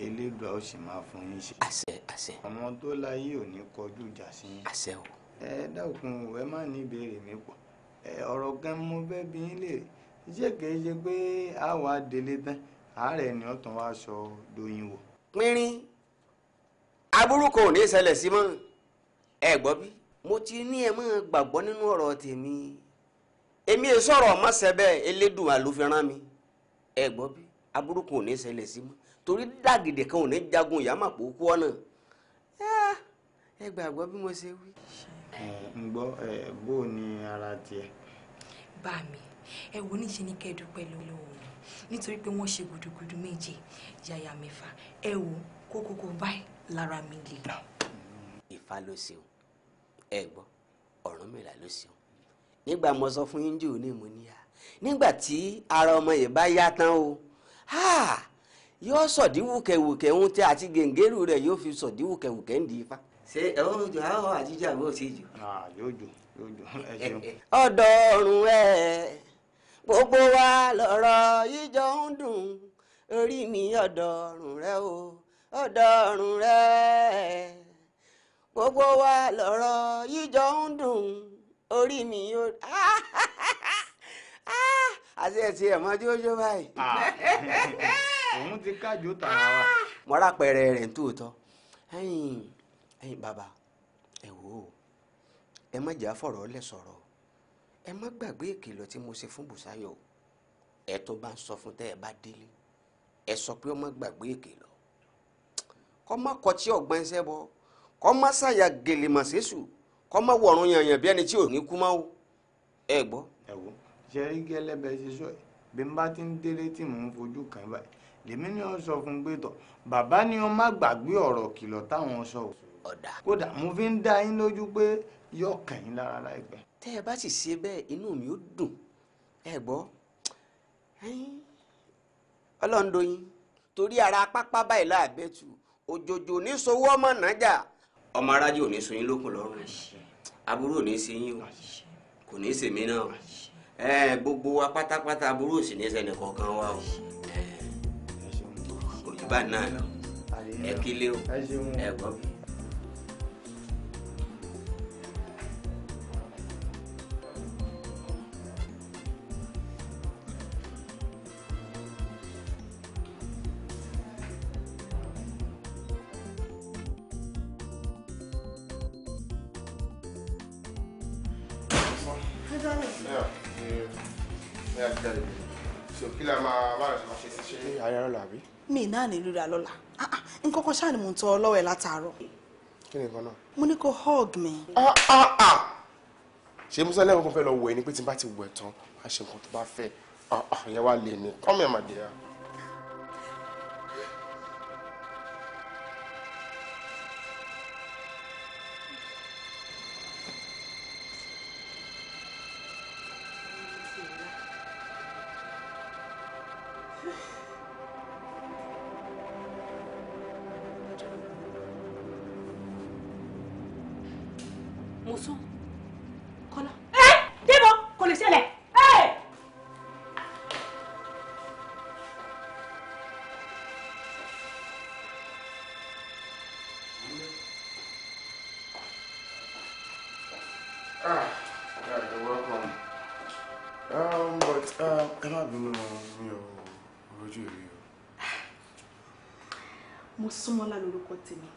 elédùá ó sì máa fún yín ṣe. àṣẹ àṣẹ. ọmọ tó ò ní kọjú ìjà sí yín. àṣẹ o. ẹ dákun ẹ má ní ìbéèrè mi mo yín pé a wà délé tán ni wa sọ doyin wò. pínrín aburú kò ní sí mọ́ ẹ gbọ́ bí mo ti ní ẹ máa gbàgbọ́ nínú ọ̀rọ̀ tèmi èmi ò sọ̀rọ̀ ọmọọ̀sẹ̀bẹ̀ elédùn àlùfẹ́ràn mi ẹ gbọ́ bí aburú ò ní ṣẹlẹ̀ sí mọ́ torí dàgìdì kan ò ní jagun ìyá màpò kú ọ̀nà ah, ẹ gbàgbọ́ bí mo ṣe wí. ń gbọ́ bó ni ara tiẹ̀. bá mi ẹ wo níṣe ní kẹ́ẹ̀dúpẹ́ lọ́wọ́ nítorí pé wọn ṣe gudugudu méje yàyà mẹ́fà ẹ wo kókókó báyìí lára mi lè. ìfà ló ṣe o ẹ gbọ́ Ọ̀rúnmìlà ló ṣeun nígbà mo sọ fún yín ní mo níyà nígbà tí ara ọmọ yìí bá yá tán o yóò sọ̀dí wùkẹ̀wùkẹ̀ ohun tí àti gèǹgèrú rẹ̀ yóò fi sọ̀dí wùkẹ̀wùkẹ̀ ń di ifá. ṣé ẹ̀rọ òjò àárọ̀ àjíjà mi ò sí jù. jù ọ̀dọ̀ ọ̀run ẹ̀ gbogbo wa lọ̀rọ̀ ìjọ ń dùn orí mi ọ̀dọ̀ ọ̀run rẹ o ọ̀dọ̀ ọ̀run rẹ gbogbo wa lọ̀rọ̀ yìí jọ ń dùn orí mi ó [laughs] ah, àti ẹ̀ tí ẹ̀ mọ́ jójó báyìí. Ah, òun ti kájọ tààrà wa. Ah, mo rà pẹrẹ rẹ̀ ń tòótọ́ ẹ̀yin bàbá ẹ wò ó ẹ má jà fọ̀rọ̀ lẹ̀ sọ̀rọ̀ ẹ má gbàgbé ìkìlọ̀ tí mo ṣe fún Bùsáyọ̀ ẹ tó bá ń sọ fún tẹ́ ẹ bá délé ẹ sọ pé ó má gbàgbé ìkìlọ̀ kọ́ má kọtí ọ̀gbọ́n ṣẹ́ bọ́ kọ́másàyà gèlèmọ̀sẹ́sù kọ́máwọ̀rún yànyàn bí ẹni tí ò ní kú máa ẹ gbọ́. ẹ wo Jerry rí gẹ́lẹ́ bẹ́ẹ̀ ṣe sọ ẹ̀ bí n bá ti ń délé tí mò ń fojú kan báyìí lèmi ni ó sọ fún un pé tọ bàbá ni ó má gbàgbé ọ̀rọ̀ kìlọ̀ táwọn sọ ò. ọ̀dà kódà mo fi ń dá yín lójú pé yóò kàn yín lára láìpẹ́. tẹ́ ẹ bá sì ṣe bẹ́ẹ̀ inú mi ó dùn ẹ gbọ́ ọlọ́ndoyin torí ara pápá báyìí láàbẹ̀tù òjòjò ní sowó ọmọ nàjà ọmọ aráyé ò ní so yín lókun lọ́rùn aburú ò ní sí o kò ní sí mi náà gbogbo wa pátápátá aburú ní wa o òjúbà náà ẹ kílé o á ní rírà lọ́la ah, ah, nǹkan kan ṣáà ni mò ń tọ́ lọ́wọ́ ẹ̀ látàárọ̀. kí ni nǹkan náà. mo ní kó hug mi. Ah, ṣé musa lẹ́wọ̀n kan fẹ́ lọ wẹ̀ ni pé tí n bá ti wẹ̀ tán wàá ṣe nǹkan tó bá fẹ́ ìyẹn wá lè ní kọ́mẹ̀ màdìyà. súnmọ́lá lórúkọ tèmi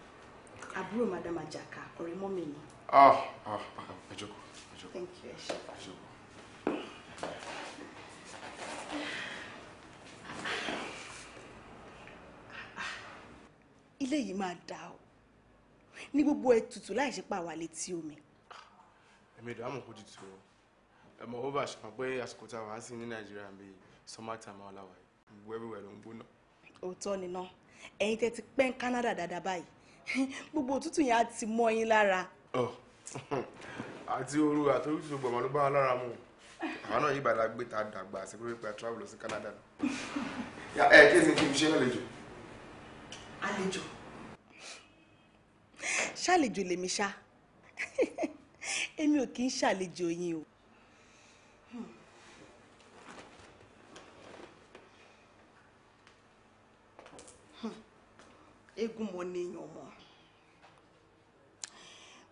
àbúrò madam àjàká ọ̀rẹ́ mọ́ mi ni. Ah, ah ah ẹ jókòó ẹ jókòó thank you ẹ ṣe ẹ jókòó. ilé yìí máa dà o ní gbogbo ètùtù láì ṣe pa àwa létí omi. ẹ̀mí ìdààmú kò tutù o ẹ̀mọ over ṣe mọ̀ pé àsìkò tá a wá sí ní nàìjíríà bíi summer time ọ̀làwà gbogbo everywhere ló ń gbóná. òótọ́ ni náà ẹ̀yin tẹ́ ti pẹ́ ń Canada dáadáa báyìí [laughs] gbogbo òtútù yẹn á ti mọ́ yín lára. Oh, [laughs] àti ooru àti oríṣiríṣi gbọ̀mọ ló bá wa lára mu àwọn náà yìí bàdá gbé ta dàgbà àti pé pé a travel lọ sí Canada. ẹ kí ni kí n ṣe àlejò. àlejò. ṣàlejò lèmi ṣá [laughs] èmi ò kì í ṣàlejò yín o eégún mọ́ ní èèyàn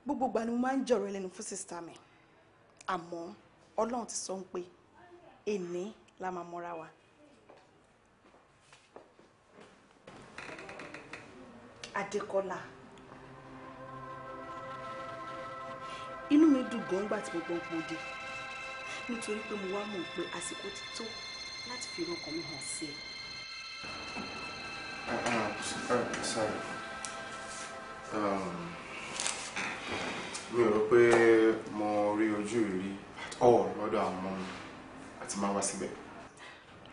mọ́ gbogbo ìgbà ni mo máa ń jọ̀rọ̀ ẹlẹ́nu fún sista mi àmọ́ ọlọ́run ti sọ pé èní la máa mọ́ra wa. Adékọ́lá inú mi dùn gan gbà tí mo gbọ́n pò dé nítorí pé mo wá mọ̀ pé àsìkò ti tó láti fi ìran mi hàn sí i sorry. Um, mi ò rò pé mo rí ojú ìrí at all lọ́dọ̀ àwọn ọmọ mi àti máa wá síbẹ̀.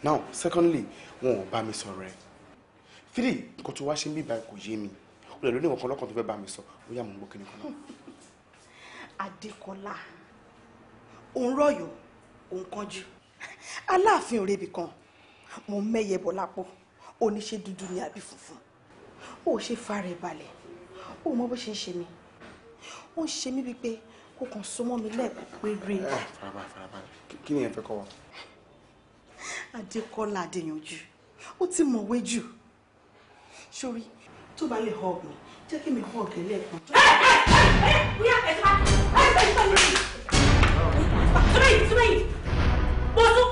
now secondly wọn ò bá mi sọ̀rọ̀ ẹ̀ three nǹkan tó wá ṣe ń bí ìbáyìí kò yé mi o lè lóní nǹkan lọ́kàn tó fẹ́ bá mi sọ bóyá mo ń gbọ́ kíni kan náà. [laughs] Adékọlá òun rọ̀yọ̀ òun kánjú aláàfin òrebì kan mo mẹ́yẹ bọ̀ lápò oníṣẹ́ dúdú ni àbí funfun ó ṣe fara ẹ̀ balẹ̀ ó mọ bó ṣe ń ṣe mí ó ń ṣe mí bíi pé kó kàn so mọ́ mi lẹ́ẹ̀pẹ̀rẹ̀. Eh, eh, farabalẹ̀ farabalẹ̀ kí ni ẹ fẹ́ kọ́ wa. adékọ́lá adéyanjú ó ti mọ̀wé jù sórí tó bá lè hug mi jẹ́ kí mi hug ẹ lẹ́ẹ̀kan. ẹ ẹ ẹ bóyá ẹ sá ẹ sá ẹ sá mi. súnmọ́ yìí súnmọ́ yìí bọ́sú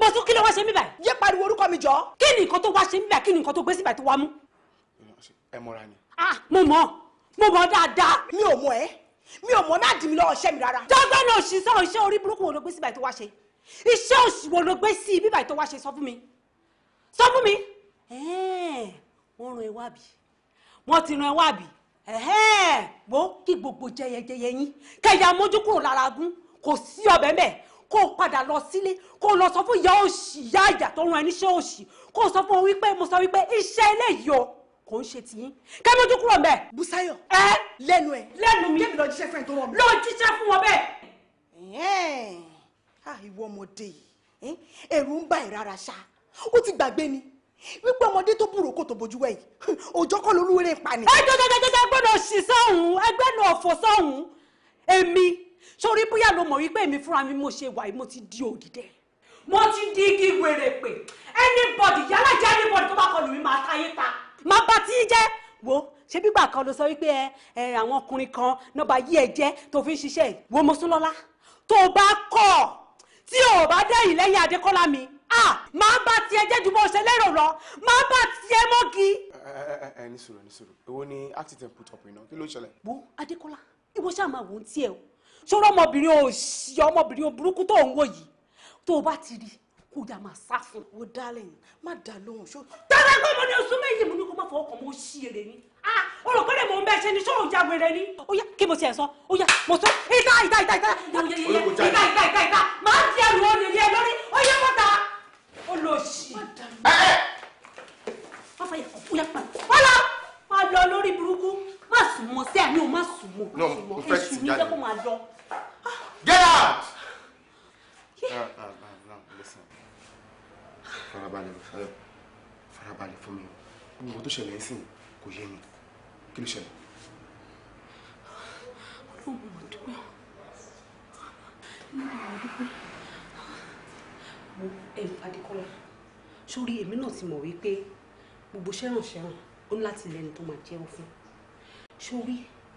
bọ́sú kí ló wá ṣe mí báyìí. yé pariwo orúkọ mi jọ. kí ni nǹkan tó wá ṣe mí báyìí kí ni nǹkan tó gbé sí báyìí tó wá mú ẹ mọra ni. ah mo mọ mo mọ dáadáa. mi ò mọ ẹ mi ò mọ náà dì mí lọ́wọ́ iṣẹ́ mi rárá. dọ́gbẹ́ náà ṣì sọ iṣẹ́ orí burúkú wo ló gbé sí ibà tó wá ṣe iṣẹ́ òṣì wo ló gbé sí ibà tó wá ṣe sọ fún mi sọ fún mi. wọ́n ran ẹwà bì wọ́n ti ran ẹwà bì wo kí gbogbo jẹyẹjẹyẹ yín kẹyà mójú kúrò lára gún kò sí ọbẹ̀ mẹ́ kó o padà lọ sílé kó o lọ sọ fún ìyá òṣì ìyá ìyà tó ran ẹni iṣẹ́ òṣì kó o sọ fún wípé mo sọ wípé iṣẹ́ eléyìí o kò ń ṣe tiyín kẹ́mi ojú kúrò mbẹ́. Busayo ẹ lẹ́nu ẹ lẹ́nu mi kébì lọ jíṣẹ́ fún ẹ tó rọ mi. lọ jíṣẹ́ fún wọn bẹ́ẹ̀. Ah, ìwọ ọmọdé yìí ẹ̀rù ń bà ẹ́ rárá ṣá ó ti gbàgbé ni wípé ọmọdé tó búrò kò tó bojú wẹ̀ yìí [laughs] òjò kọ́ ló lúwẹ̀rẹ̀ pa ni. ẹ jọjọ jọjọ jọjọ gbọ́dọ̀ sí sọhùn ẹgbẹ náà sọhùn èmi sórí bóyá ló mọ̀ wípé èmi fúnra mi mo ṣe wà mo ti di òdìdẹ mo ti di igi wèrè pé anybody yálà jẹ anybody tó bá kọlù mi máa táyé ta má bá tí jẹ́ wo ṣé bígbà kan ló sọ wípé ẹ ẹ àwọn ọkùnrin kan náà bá yí ẹ jẹ tó fi ń ṣiṣẹ́ wo Mọ́súnlọ́lá tó bá kọ̀ tí ò bá dẹ̀yìn lẹ́yìn Adékọ́lá mi máa bá tiẹ̀ jẹ́ ju bó ṣe lérò lọ máa bá tiẹ̀ mọ́gi. ẹ ẹ ẹ ní sùúrù ní sùúrù èwo ni accident put up iná kí ló ṣẹlẹ̀. wo Adékọ́lá ìwọ ṣáà máa wò ó tiẹ̀ o ṣòro ọmọbìnrin ò ṣì ọmọbìnrin burúkú tó ń wò yìí tó o bá ti rí i kó dà máa sá fún. wo darling má dà lóhùn ṣó. tọ́lá pé mo ní oṣù méjì mo ní kó má fọwọ́ kàn mo ṣí èrè ni. Ah, olùkọ́lẹ̀ mò ń bẹ́ ṣe ni ṣó o ni. ó yá kí mo tiẹ̀ sọ ó yá mo sọ ìta ìta ìta ìta ìta ìta ìta ìta máa ń tiẹ̀ lu olè yẹ lórí ó yẹ kó ta eh, eh. ó yá pa má lọ lórí burúkú má sùn mọ́ sí àní o má sùn mọ́ èṣù ní fẹ́ kó máa lọ. Get out! Yeah. Uh, uh, uh farabalẹ̀ ayọ̀ farabalẹ̀ fún mi o gbogbo tó ṣẹlẹ̀ ẹ̀sìn kò yé mi kí ló ṣẹlẹ̀. olóògùn àdúgbò nínú àwọn àdúgbò mo ẹ̀ Adékọ́lá sórí èmi náà ti mọ̀ wípé gbogbo ṣẹ́ràn ṣẹ́ràn ó ní láti lẹ́ni tó máa jẹ́wọ́ fún sórí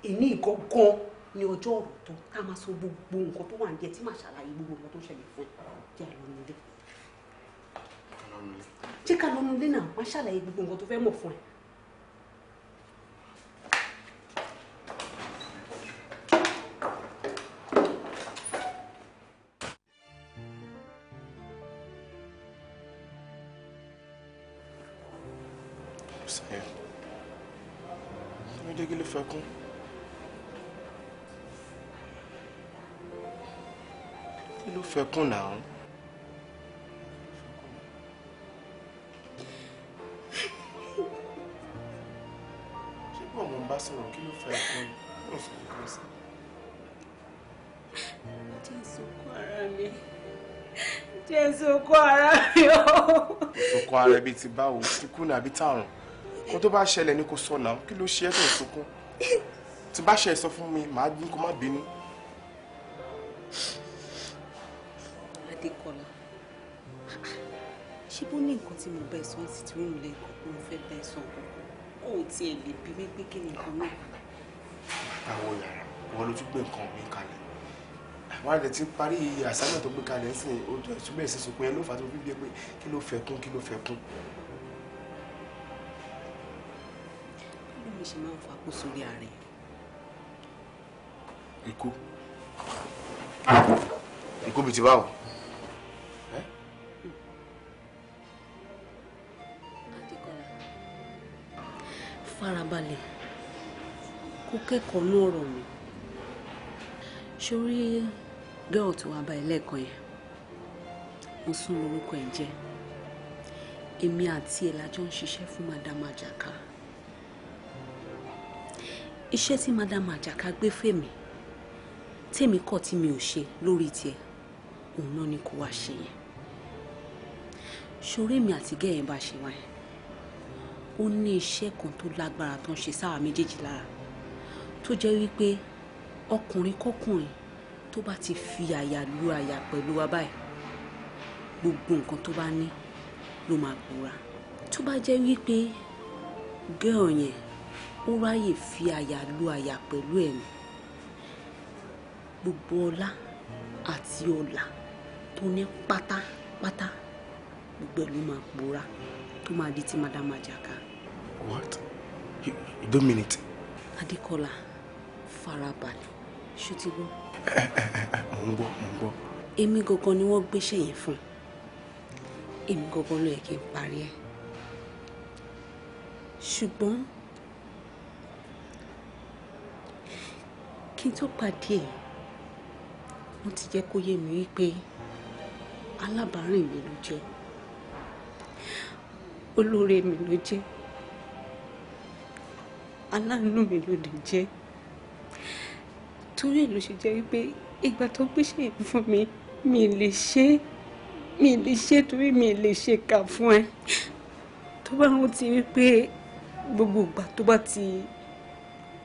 èmi ìgangan ní ọjọ́ ọ̀rọ̀ tó tá a máa sọ gbogbo nǹkan tó wà ń jẹ tí màá ṣàlàyé gbogbo nǹkan tó ṣẹlẹ̀ fún ẹ jẹ́ àlọ́ nílé. lọnulẹ. jẹ́ ká lọnulẹ náà wọ́n ṣàlàyé gbogbo que ele fẹ́ com ele ẹ. com náà. sọ̀rọ̀ kí ló fa ẹ̀kọ́ yìí ó sọ nǹkan sí. jẹ́ ìsìnkú ara mi jẹ́ o. ìsìnkú ara ibi ti báwo ikú ni àbí tààrùn kó tó bá ṣẹlẹ̀ ni kò sọ náà kí ló ṣe é tó ń sunkún tí bá ṣe é sọ fún mi màá dín kó má bínú. Adékọ́lá ṣé bó ní nǹkan tí mo bẹ̀ sọ ẹ́ sì ti rí mi lẹ́kọ̀ọ́ mo fẹ́ bẹ̀ òun tiẹ̀ lè bí mi pé kí ni nǹkan náà. àwọ̀ yàrá wọn ló tún gbé nǹkan mi kalẹ̀ àwọn àlẹ ti parí iye àsálẹ̀ tó gbé kalẹ̀ ń sìn ojú ẹ̀ túbẹ̀ sí sunkún yẹn ló fà á tó fi bí pé kí ló fẹ́ kún kí ló fẹ́ kún. bí mi ṣe máa ń fapò sórí ààrẹ. ikú ikú bìtì báwo. farabalẹ̀ kó kẹ́kọ̀ọ́ ní ọ̀rọ̀ mi sórí gẹ́ọ̀ tó wá bá ẹlẹ́ẹ̀kan yẹn mo sún lórúkọ ẹ̀ jẹ́ èmi àti ẹ̀ lájọ ń ṣiṣẹ́ fún madam Ajaka iṣẹ́ tí madam Ajaka gbé fèmí tèmi kọ̀ tí mi ò ṣe lórí tiẹ̀ òun náà ni kò wá ṣe yẹn sórí èmi àti gẹ́ẹ̀ yẹn bá ṣe wáyẹn ó ní iṣẹ́ kan tó lágbára tó ń ṣe sáà méjèèjì lára tó jẹ́ wípé ọkùnrin kọ́kùnrin tó bá ti fi àyà lu àyà pẹ̀lú wa báyìí gbogbo nǹkan tó bá ní ló máa gbóra tó bá jẹ́ wípé gẹ́ọ̀ yẹn ó ráyè fi àyà lu àyà pẹ̀lú ẹ̀mí gbogbo ọlá àti ọlà tó ní pátápátá gbogbo ẹ̀ ló máa gbóra tó máa di ti madam Ajaka. What? You, you don't mean it. Adekola, farabalẹ̀, ṣùtìgbó. Ẹ ẹ ẹ mò ń gbọ́ mò ń gbọ́. Èmi gangan ni wọ́n gbéṣẹ́ yẹn fún. Èmi gangan ló yẹ kí n parí ẹ̀. Ṣùgbọ́n kí n tó pàdé mi wípé alábàárìn mi ló jẹ́. mi ló aláàánú mi ló lè jẹ́ torí ẹ̀ ló ṣe jẹ́ wípé ìgbà tó gbéṣẹ́ yẹn fún mi mi lè ṣe é mi lè ṣe torí mi lè ṣe kà fún ẹ tó bá wọn ti rí pé gbogbo ìgbà tó bá ti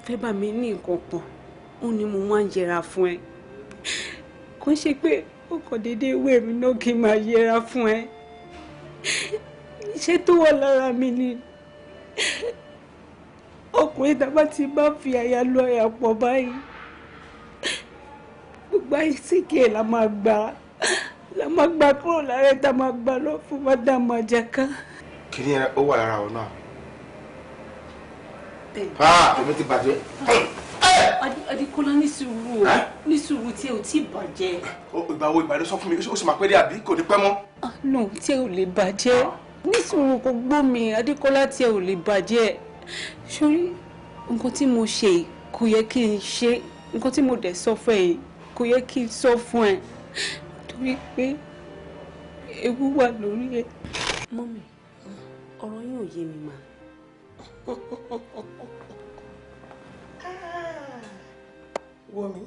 fẹ́ bá mi ní nǹkan pọ̀ ó ní mo máa ń yẹra fún ẹ kò ṣe pé ó kàn déédéé wé mi náà kí n máa yẹra fún ẹ iṣẹ́ tó wà lára mi ni ọkùnrin dàbá ti bá fi àyà lọ ẹ̀yà pọ̀ báyìí gbogbo ayé síkè la máa gbà la máa gbà kúrò lára ẹ̀ tá a máa gbà lọ fún mádàmú àjàká. kí ni ó wà lára òun náà. bẹ́ẹ̀ ni. èmi ti bàjẹ́. Adékọ́lá ní sùúrù o ní sùúrù tí ẹ ò tí ì bàjẹ́. ìgbà wo ìbàdàn sọ fún mi ó sì máa pẹ́ dé àbí kò ní pẹ́ mọ́. àná ah, tí ẹ lè bàjẹ́ ah. ní kò gbọ́ mi Adékọ́lá tí ẹ lè bàjẹ́ sórí nǹkan tí mo ṣe kò yẹ kí n ṣe nǹkan tí mo dẹ̀ sọ fún ẹ kò yẹ kí n sọ fún ẹ torí pé ewu wà lórí ẹ. mọ́mì ọ̀rọ̀ yín ò yé mi mà. wò mí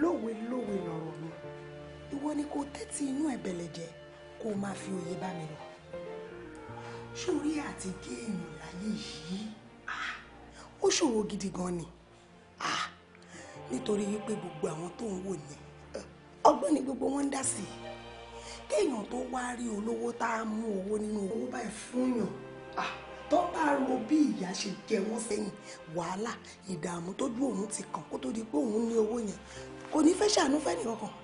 lówe lówe lọ̀rọ̀ mi ìwọ ni kò tẹ́tí inú ẹ̀bẹ̀lẹ̀ jẹ kó o máa fi òye bá mi lọ sórí àti géèmù ayé yìí ah, ó ṣòro gidi gan ni ah, nítorí wípé gbogbo àwọn tó ń wò ní ọgbọ́n ni gbogbo wọn ń dá sí i kéèyàn tó wá rí olówó tá a mú owó nínú owó báyìí fúnyàn ah, tó bá ro bí ìyá ṣe jẹ wọ́n sẹ́yìn wàhálà ìdààmú tójú òun ti kàn kó tó di pé òun ní owó yẹn kò ní fẹ́ ṣàánú fẹ́ nìkan kan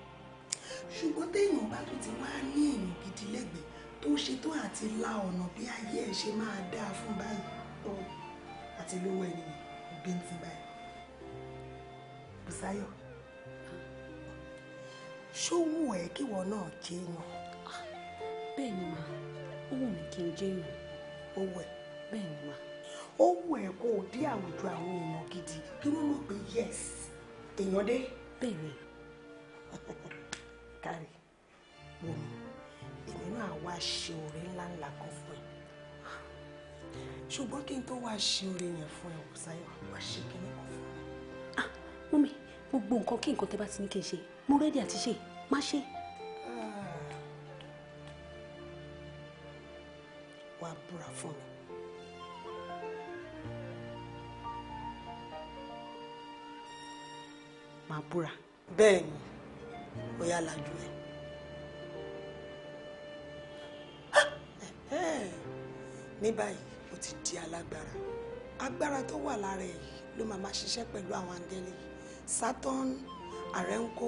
ṣùgbọ́n téèyàn bá tún ti wá ní èèyàn gidi lẹ́gbẹ̀ẹ́ tó ṣetán àti la ọ̀nà bí ayé ẹ̀ ṣe máa dáa fún báyìí tọ́ àti lówó ènìyàn òbí ń ti báyìí. Bùsáyọ̀ ṣó wù ẹ́ kíwọ náà jẹ́ èèyàn. Ah, bẹ́ẹ̀ ni mà ó wù mí kí n jẹ́ èèyàn. ó wù ẹ́. bẹ́ẹ̀ ni mà. ó wù ẹ́ kó o dé àwùjọ àwọn èèyàn gidi kí wọ́n mọ̀ pé yes èèyàn dé. bẹ́ẹ̀ ni. [laughs] kárí wò mí èmi náà wá ṣe oore ńláńlá kan fún ẹ ṣùgbọ́n kí n tó wá ṣe oore yẹn fún ẹ wò sáyọ wá ṣe kíní kan fún ẹ. ah mọ́mi gbogbo nǹkan kí nǹkan tẹ́ bá ti ní kí n ṣe mo rẹ́dí àti ṣe má ṣe. Ah. wà á búra fún mi. màá búra. bẹ́ẹ̀ ni ó yá lajú ẹ̀. ní báyìí ó ti di alágbára agbára tó wà lára ẹ̀ ló máa máa ṣiṣẹ́ pẹ̀lú àwọn angẹ́lì Saturn arenko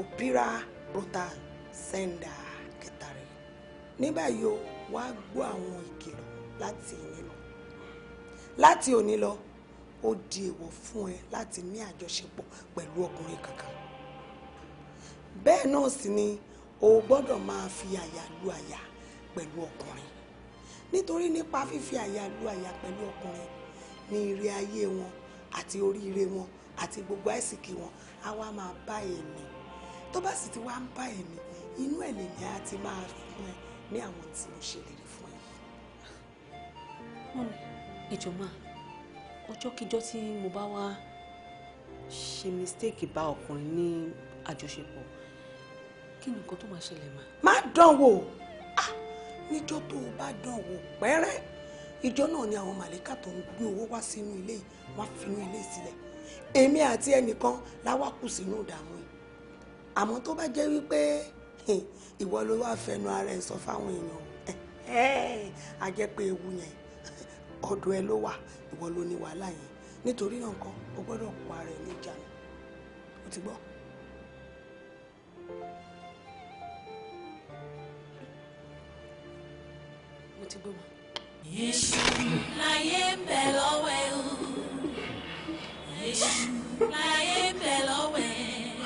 opira rota senda kẹtàrẹ ní báyìí o wá gbọ́ àwọn ìkìlọ̀ láti ìní lọ láti òní lọ ó di èèwọ̀ fún ẹ láti ní àjọṣepọ̀ pẹ̀lú ọkùnrin kankan bẹ́ẹ̀ náà sì ni o gbọ́dọ̀ máa fi àyà lu àyà pẹ̀lú ọkùnrin nítorí nípa fífi àyà lu àyà pẹ̀lú ọkùnrin ní ire ayé wọn àti oríire wọn àti gbogbo àìsìkí wọn á wá máa bá èmi tó bá sì ti wá ń bá èmi inú ẹ̀ lèmi á ti máa fún ẹ ní àwọn tí mo ṣèlérí fún ẹ. ìjọba ọjọ́kíjọ́ tí mo bá wá ṣe mistake bá ọkùnrin ní àjọṣepọ̀ kí ni nǹkan tó máa ṣẹlẹ̀ máa. má dánwò níjọ́ tó o bá dán wò pẹ́rẹ́ ìjọ́ náà ni àwọn màlẹ́kà tó ń gbé owó wá sínú ilé yìí wá finú ilé sílẹ̀ èmi àti ẹnìkan láwá kù sínú ìdààmú yìí àmọ́ tó bá jẹ́ wípé ìwọ ló wá fẹnu ara ẹ̀ sọ fáwọn èèyàn a jẹ́ pé ewu yẹn ọ̀dọ̀ ẹ ló wà ìwọ ló ní wàhálà yẹn nítorí náà nǹkan o gbọ́dọ̀ pa ara ẹ ní ìjánu o ti gbọ́. thank you mo ti gbé wọn. èṣù láyé ń bẹ lọ́wọ́ ẹ̀ o èṣù láyé ń bẹ lọ́wọ́ ẹ̀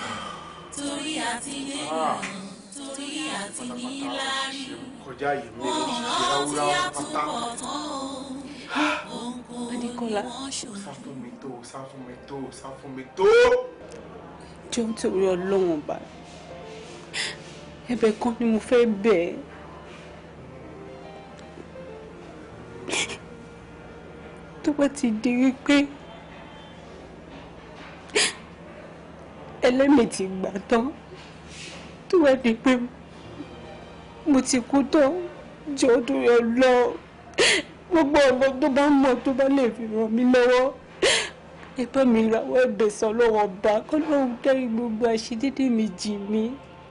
torí àti lẹ́yìn ah. torí àti níláàrí wọn ọ̀rọ̀ tí a túbọ̀ tán Adékọ́lá sá fún mi tó sá fún mi tó sá fún mi tó. jẹun tí orí ọlọ́wọ̀n bá ẹ̀bẹ̀ kan ni mo fẹ́ bẹ̀ ẹ́. tó bá ti di wípé ẹlẹ́mì ti gbà tán tó bá di pé mo ti kú tán jọ ọdún rẹ lọ gbogbo ọ̀nà tó bá mọ̀ tó bá lè fi ràn mí lọ́wọ́ ẹgbẹ́ mi làwọn ẹ̀bẹ̀ sọ lọ́wọ́ bá kọ́ lóun dẹ́rì gbogbo àṣedédé mi jì mí.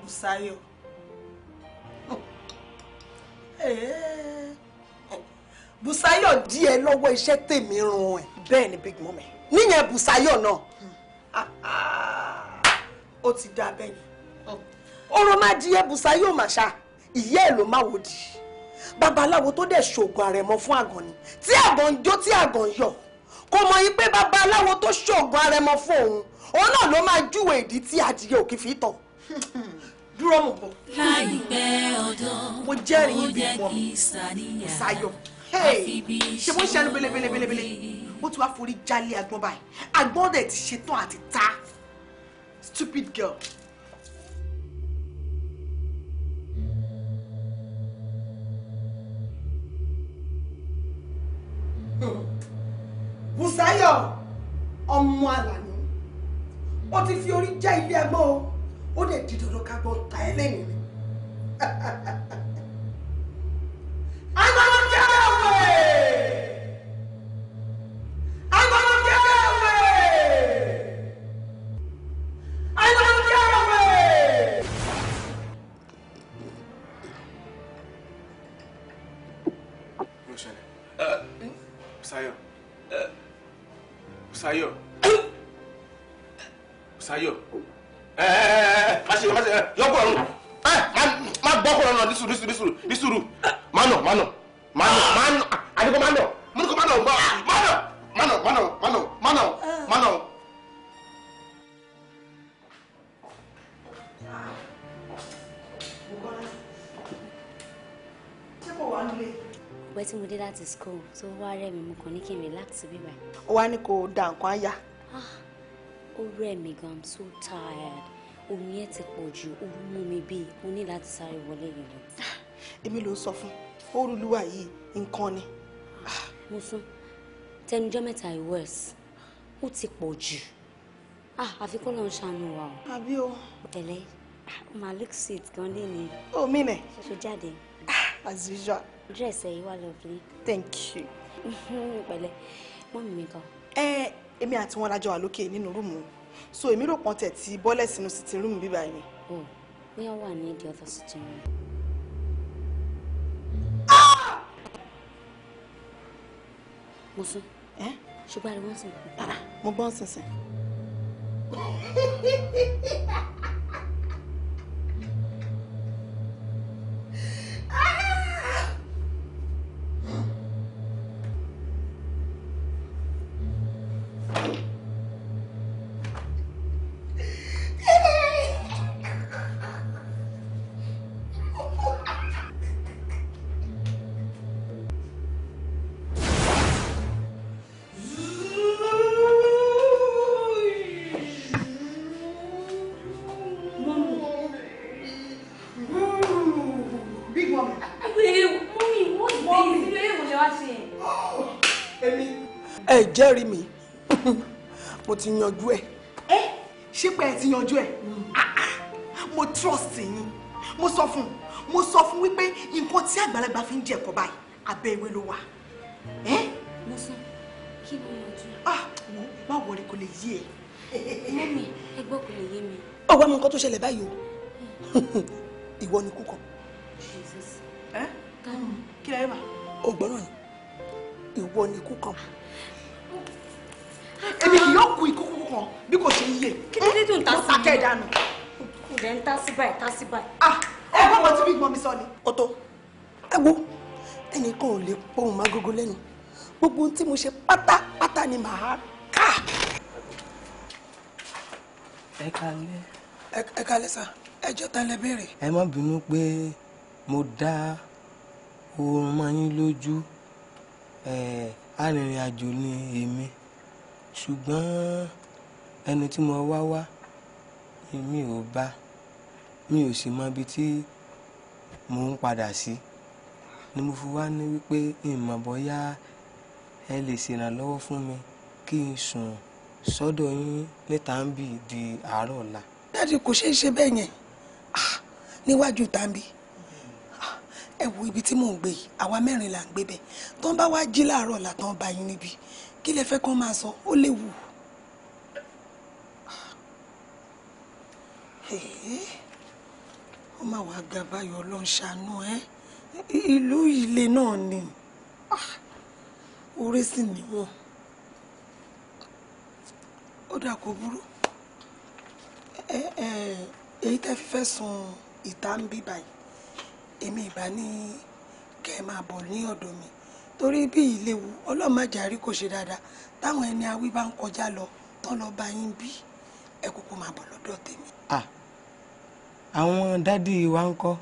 Bùsáyọ̀ ẹ̀ẹ́. Bùsáyọ̀ díẹ̀ lọ́wọ́ iṣẹ́ tèmi run ẹ̀ bẹ́ẹ̀ ni big mummy níyẹn Bùsáyọ̀ náà ah, ah, ó ti dá bẹ́ẹ̀ ni ọ̀rọ̀ má díẹ̀ Bùsáyọ̀ màṣá ìyá ẹ̀ ló má wò di babaláwo tó dẹ̀ ṣoògùn àrẹ̀mọ fún àgàn ni tí àgàn ń jó tí àgàn ń yọ̀ kò mọ̀ yín pé babaláwo tó ṣoògùn àrẹ̀mọ fún òun òun náà ló máa júwe ìdí tí adìyẹ òkè fi tọ̀ dúró mọ̀ bọ̀. láìpẹ́ ọ̀dọ́ mo jẹ́rìí ibi ìwọ Bùsáyọ̀ ṣe bó ń ṣẹnu belebelebele ó ti wá forí jálé agbọ́n báyìí agbọ́n dẹ̀ ti ṣetán àti ta stupid girl. Hmm. Bùsáyọ̀ ọmọ àlàní ó ti fi orí já ilé agbọ́n o ó dẹ̀ di dandan ká gbọ́n ta ẹ lẹ́yìn rẹ̀. [laughs] school tó wá rẹ̀ mo kàn ní kí n relax bíbá. ó wá ní kó o da nǹkan àyà. Ah, ó rẹ̀ gan i'm so tired omi ẹ̀ ti pọ̀ jù ó mú mi bíi mo ní láti sáré wọlé yìí lọ. Ah, èmi ló ń sọ fún olùlúwa yìí nǹkan ni. Ah, mo sún tẹnujọ́ mẹ́ta ìwẹ̀s ó ti pọ̀ jù àfi kó lọ́n ṣàánú wa o. àbí o. tẹ̀lé malik sit gan lé ni. omi nẹ. ṣe jáde. as usual dress ẹ yìí wà lovely. thank you. [laughs] pẹ̀lẹ́ mọ́mì mi kan. ẹ èmi àti wọn lájọ wà lókè nínú rúùmù so èmi rò pọn tẹ ti bọ́lẹ̀ sínú sitting room bíbá yẹn. o bóyá wà ní the other sitting room. Ah! mo sún. ṣùgbọ́n àríwọ́n sì ń ah, kú. mo gbọ́n sísìn. [laughs] yanjú ẹ̀ ṣé pé ẹ ti yanjú ẹ̀ mm. ah, ah. mo trust yín mo sọ fún mo sọ fún wípé nǹkan tí àgbàlagbà fi ń jẹ ẹ̀kọ́ báyìí abẹ́ ìwé ló wà. mo sọ kí ló yanjú. Ah, wo má wọlé kò lè yé ẹ. mọ́mí ẹgbọ́n kò lè yé mi. ọwọ́ mi nǹkan tó ṣẹlẹ̀ báyìí o mm. ìwọ ni kú kan. Mm. kí lóye ma. o gbọ́dọ̀ ni ìwọ ni kú kan. èmi kì yóò kú ikú kan bí kò ṣe yíyẹ. kí ló dé tó ń ta sí i. ń ta báyìí ta báyìí. Ah, ẹ gbọ́ tí bí gbọ́n mi sọ ni. ọ̀tọ̀ ẹ wo ẹnì kan ò lè pohùn má lẹ́nu gbogbo ohun tí mo ṣe pátápátá ni màá kà. ẹ kalẹ̀. ẹ kalẹ̀ sà ẹ jọ tán lẹ ẹ má bínú pé mo dá oorun mọ́ yín lójú arìnrìn àjò ni èmi ṣùgbọ́n ẹni tí mo wá wá èmi ò bá mi ò sì mọ ibi tí mò ń padà sí ni mo fi wá ní wípé ìmọ̀ bóyá ẹ lè ṣèrànlọ́wọ́ fún mi kí n sùn sọ́dọ̀ yín níta ń bì di àárọ̀ ọ̀la. dájú kò ṣeé ṣe bẹ́ẹ̀ yẹn ah, níwájú tàbí ah, ẹ wo ibi tí mò ń gbé yìí àwa mẹ́rin là ń gbé bẹ́ẹ̀ tó ń bá wá jí láàárọ̀ ọ̀la tó ń bá yín níbi kí lẹ fẹ́ kó máa sọ ó léwu. ó mà wá ga báyọ̀ ọlọ́run ṣàánú ẹ ìlú ilé náà ni ah, orí sì níwọ̀ ó dà kó burú èyí tẹ́ fi fẹ́ sun ìta ń bí báyìí èmi ìbá ní kẹ́ ẹ máa bọ̀ ní ọ̀dọ̀ mi torí bí ìléwu ọlọ́màjàrí kò ṣe dáadáa táwọn ẹni awí bá ń kọjá lọ tán lọ bá yín bí ẹ kúkú máa bọ̀ lọ́dọ̀ tèmi àwọn dádì wa ń kọ́.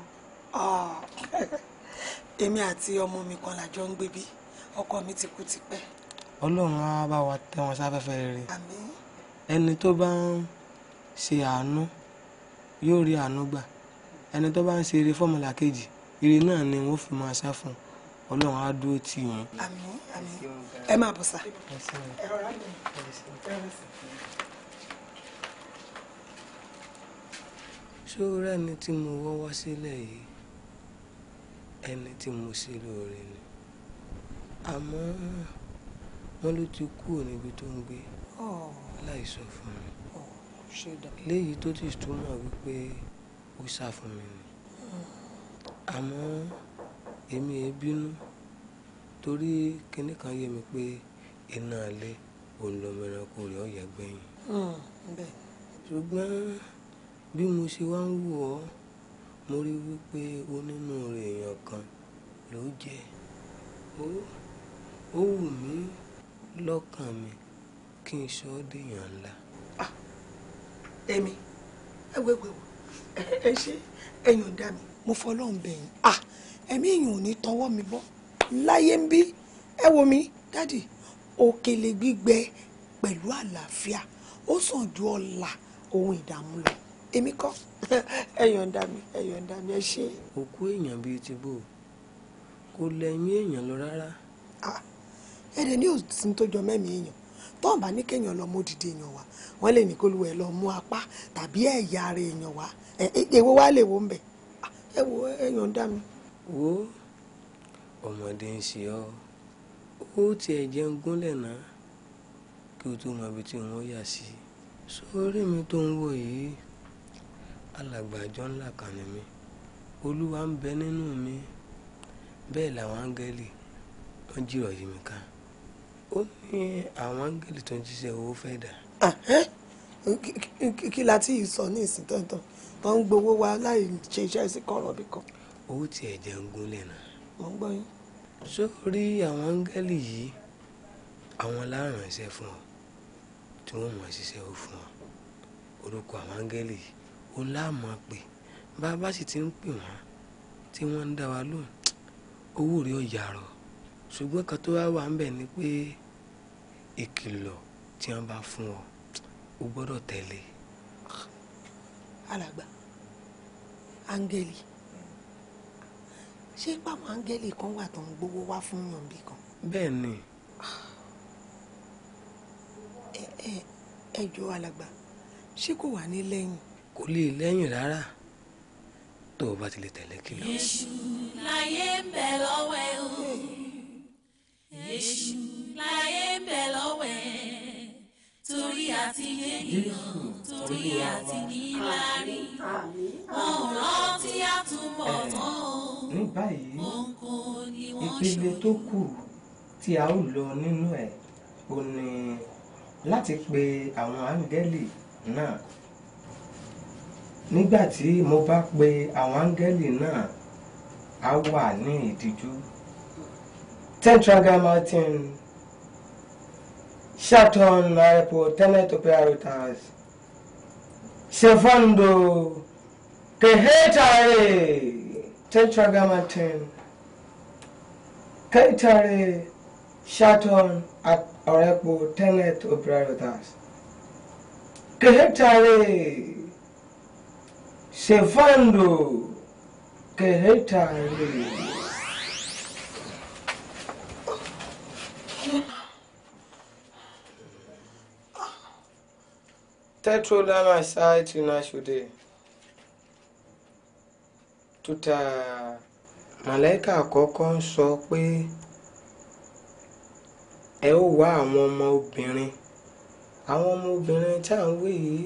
Oh, èmi àti ọmọ mi kan làjọ ń gbé bí ọkọ mi ti kú tipẹ́. ọlọ́run á bá wa tẹ́ wọn sáfẹ́fẹ́ rere. àmín. ẹni tó bá ń ṣe àánú yóò rí àánú gbà ẹni tó bá ń ṣe eré fọ́mùlà kejì eré náà ni wọ́n fi máa sá fún ọlọ́run á dúró tì wọ́n. ẹ máa bọ̀ sá. ẹ rọra mi ṣó rẹ́ni tí mo wọ́wọ́ sílẹ̀ yìí ẹni tí mo ṣe lóore ni àmọ́ wọ́n ló ti kúrò níbi tó ń gbé láì sọ fún mi léyìí tó ti túmọ̀ wípé ó sá fún mi ni àmọ́ èmi ẹ bínú torí kinní kan yé mi pé iná ilé òun lọmọ ẹranko rẹ̀ ọ̀yà gbẹ̀yìn ṣùgbọ́n. Bí mo ṣe wá ń wò ọ́, mo rí i wípé onínúure èèyàn kan ló jẹ́. Ó wù mí lọ́kàn mi kí n sọ ọ́ dèèyàn ńlá. Èmi, ah, ẹ wo ẹ wo ẹ ṣe ẹ̀yin dá mi. Mo fọlọ́run bẹ̀ yín. Ah, Ẹ̀mí èèyàn ò ní tọwọ́ mi bọ́. Láyé ń bí, ẹ wo mi, dádì, òkèlè gbígbẹ pẹ̀lú àlàáfíà, ó sàn ju ọlà ohun ìdààmú lọ èmi kọ́ [laughs] ẹ yọ̀ǹda mi ẹ yọ̀ǹda mi ẹ ṣe. òkú èèyàn bíi ti bò kò lẹ́mí èèyàn lọ rárá. Ah, ẹ̀rẹ̀ ní òsín tó jọ mẹ́mí èèyàn tó ń bá ní kéèyàn lọ mú dìde èèyàn wá wọ́n lè ní kó lu ẹ̀ lọ mú apá tàbí ẹ̀yà ara èèyàn wá èwo wá lè wo ń bẹ̀ ah, ẹ wo ẹ yọ̀ǹda mi. wo ọmọdé ń ṣe ọ ó tiẹ̀ jẹun gúnlẹ̀ náà kí o tó mọ ibi tí wọ́n yà sí sórí mi tó ń wò yìí alàgbàjọ ńlá kan ni mí olúwa ń bẹ nínú mi bẹ́ẹ̀ làwọn áńgẹ́lì wọ́n jìrọ̀ yìí mi kan ó ní àwọn áńgẹ́lì tó ń jíṣẹ́ owó fẹ́ dà. Ah, kí la ti sọ ní ìsìn tọ̀ntàn tó ń gbowó wa láì ṣe iṣẹ́ sí kọ̀rọ̀ bí kan. owó tiẹ̀ jẹ́ ń gúnlẹ̀ náà. mo ń gbọ́ yín. sórí àwọn áńgẹ́lì yìí àwọn láàrán iṣẹ́ fún ọ tí wọ́n mọ̀ ṣiṣẹ́ ó fún ọ orúkọ àwọn áńgẹ́lì yìí ó láàmọ̀ pé bá a bá sì ti ń pè wọ́n tí wọ́n ń dá wa lóhùn owó rí ọ̀yà rọ̀ ṣùgbọ́n kan tó wá wà ń bẹ̀ ni pé ìkìlọ̀ tí wọ́n bá fún ọ o gbọ́dọ̀ tẹ̀lé. alàgbà áńgẹ́lì ṣé pàwọn áńgẹ́lì kan wà tó ń gbowó wá fún yàn kan. bẹ́ẹ̀ ni. ẹ ẹ ẹ jọ alàgbà ṣé kò wà ní lẹ́yìn kò lè lẹ́yìn rárá tó o bá ti lè tẹ̀lé kí lọ. Èṣù láyé ń bẹ lọ́wọ́ ẹ̀ o Èṣù láyé ń bẹ lọ́wọ́ ẹ̀ torí àti yéèyàn torí àti níláàrí ọ̀rọ̀ tí a túbọ̀ tán òǹkò ni wọ́n ìpele tó kù tí a ó lọ nínú ẹ̀ ò ní láti pe àwọn áńgẹ́lì náà nígbà tí mo bá pe àwọn áńgẹ́lì náà á wà ní ìdíjú tetragrammaton shaton naipo tenetopiarotas sefondo kehetare tetragrammaton kehetare shaton tenet tenetopiarotas kehetare. Sevando Queretari. Tetrola my side tunashude. Tuta màlẹ́kà àkọ́kọ́ ń sọ pé e ẹ ó wá àwọn ọmọ obìnrin àwọn ọmọ obìnrin tá à ń wí yìí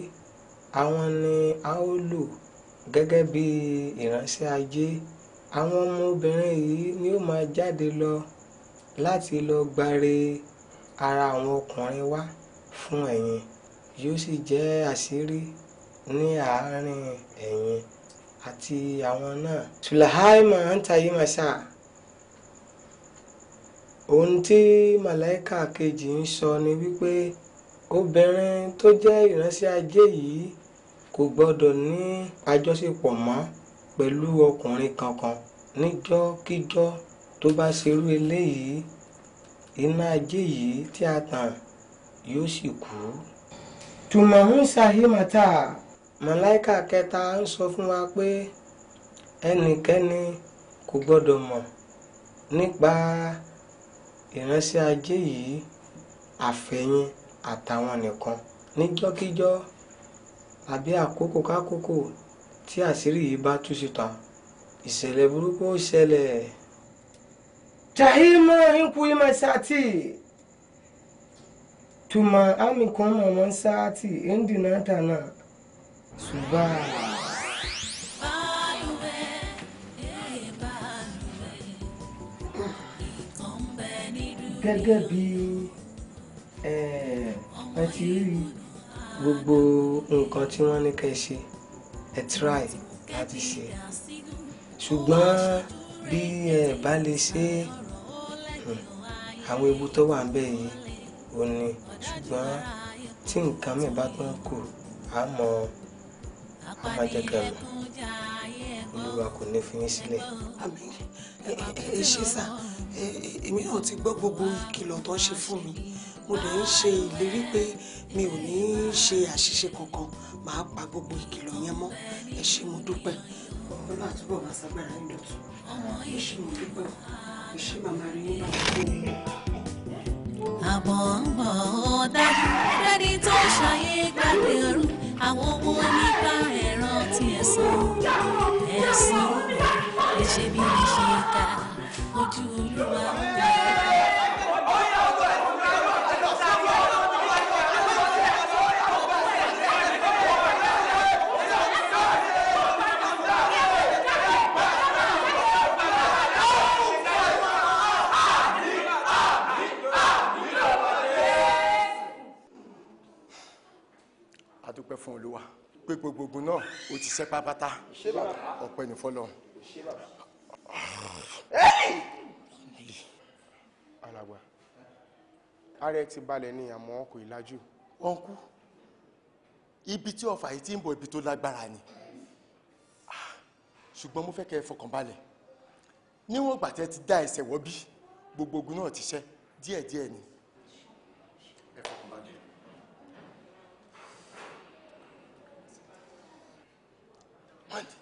àwọn ni a ó lò gẹ́gẹ́ bí ìránṣẹ́ ajé àwọn ọmọbìnrin yìí ni ó máa jáde lọ láti lọ gbáre ara àwọn ọkùnrin wá fún ẹ̀yin yóò sì jẹ́ àṣírí ní àárín ẹ̀yin àti àwọn náà. tùlàháìmà ń tayé ohun tí màláìka kejì ń sọ ni wípé obìnrin tó jẹ́ ìránṣẹ́ ajé yìí kò gbọ́dọ̀ ní àjọṣepọ̀ mọ́ pẹ̀lú ọkùnrin kankan níjọ́kíjọ́ tó bá ṣerú eléyìí iná ajé yìí tí a tàn yóò sì kú. tùmọ̀hún sahimata màláìka kẹta ń sọ fún wa pé ẹnikẹ́ni kò gbọ́dọ̀ mọ̀ nípa ìránṣẹ́ ajé yìí àfẹ̀yìn àtàwọn nìkan níjọ́kíjọ́ àbí àkókò kákòókò tí àṣírí yìí bá tú síta ìṣẹ̀lẹ̀ burúkú ó ṣẹlẹ̀. tahima inku ima sati tuma ami kun mama sati indi na suba. gẹ́gẹ́ bí ẹ eh, ẹ ti rí i gbogbo nǹkan tí wọ́n ní kẹ́ ṣe ẹ try láti ṣe ṣùgbọ́n bí ẹ bá lè ṣe hmm, àwọn ewu tó wà níbẹ̀ yìí ò ní ṣùgbọ́n tí nǹkan mi bá tún kù á mọ àmàjẹgàmù olúwa kò ní fi yín sílẹ̀. àmín ẹ ṣe sá èmi náà ti gbọ́ gbogbo ìkìlọ̀ tó ń ṣe fún mi mo dẹ̀ ń ṣe ìlérí pé mi ò ní í ṣe àṣìṣe kankan màá pa gbogbo ìkìlọ̀ yẹn mọ́ ẹ ṣé mo dúpẹ́ ọlọ́ àtúbọ̀ máa ṣàgbára ń dọ̀tún ẹ ṣé mo dúpẹ́ ẹ ṣé màmá rí nígbà tó àbọ̀ ń bọ̀ ó dájú tó ṣàyè gbàgbé ọ̀run àwọn owó nípa ẹ̀rọ ti ẹ̀sán ẹ̀sán ẹ̀ṣẹ̀ bí mi ṣe kà ojú olúwa ó fún olúwa pé gbogbo ogun náà ó ti ṣẹ́ pápátá ọpẹ́ ní fọlọ́run. alàgbà ara ẹ ti balẹ̀ ní àmọ́ kò ìlàjú. wọ́n kú ibi tí ọ̀fà yìí ti ń bọ̀ ibi tó lágbára ni ṣùgbọ́n mo fẹ́ kẹ́ ẹ fọkàn balẹ̀ níwọ̀n gbà ti dá ẹsẹ̀ wọ́bí gbogbo ogun náà ti ṣẹ́ díẹ̀díẹ̀ ni Monday.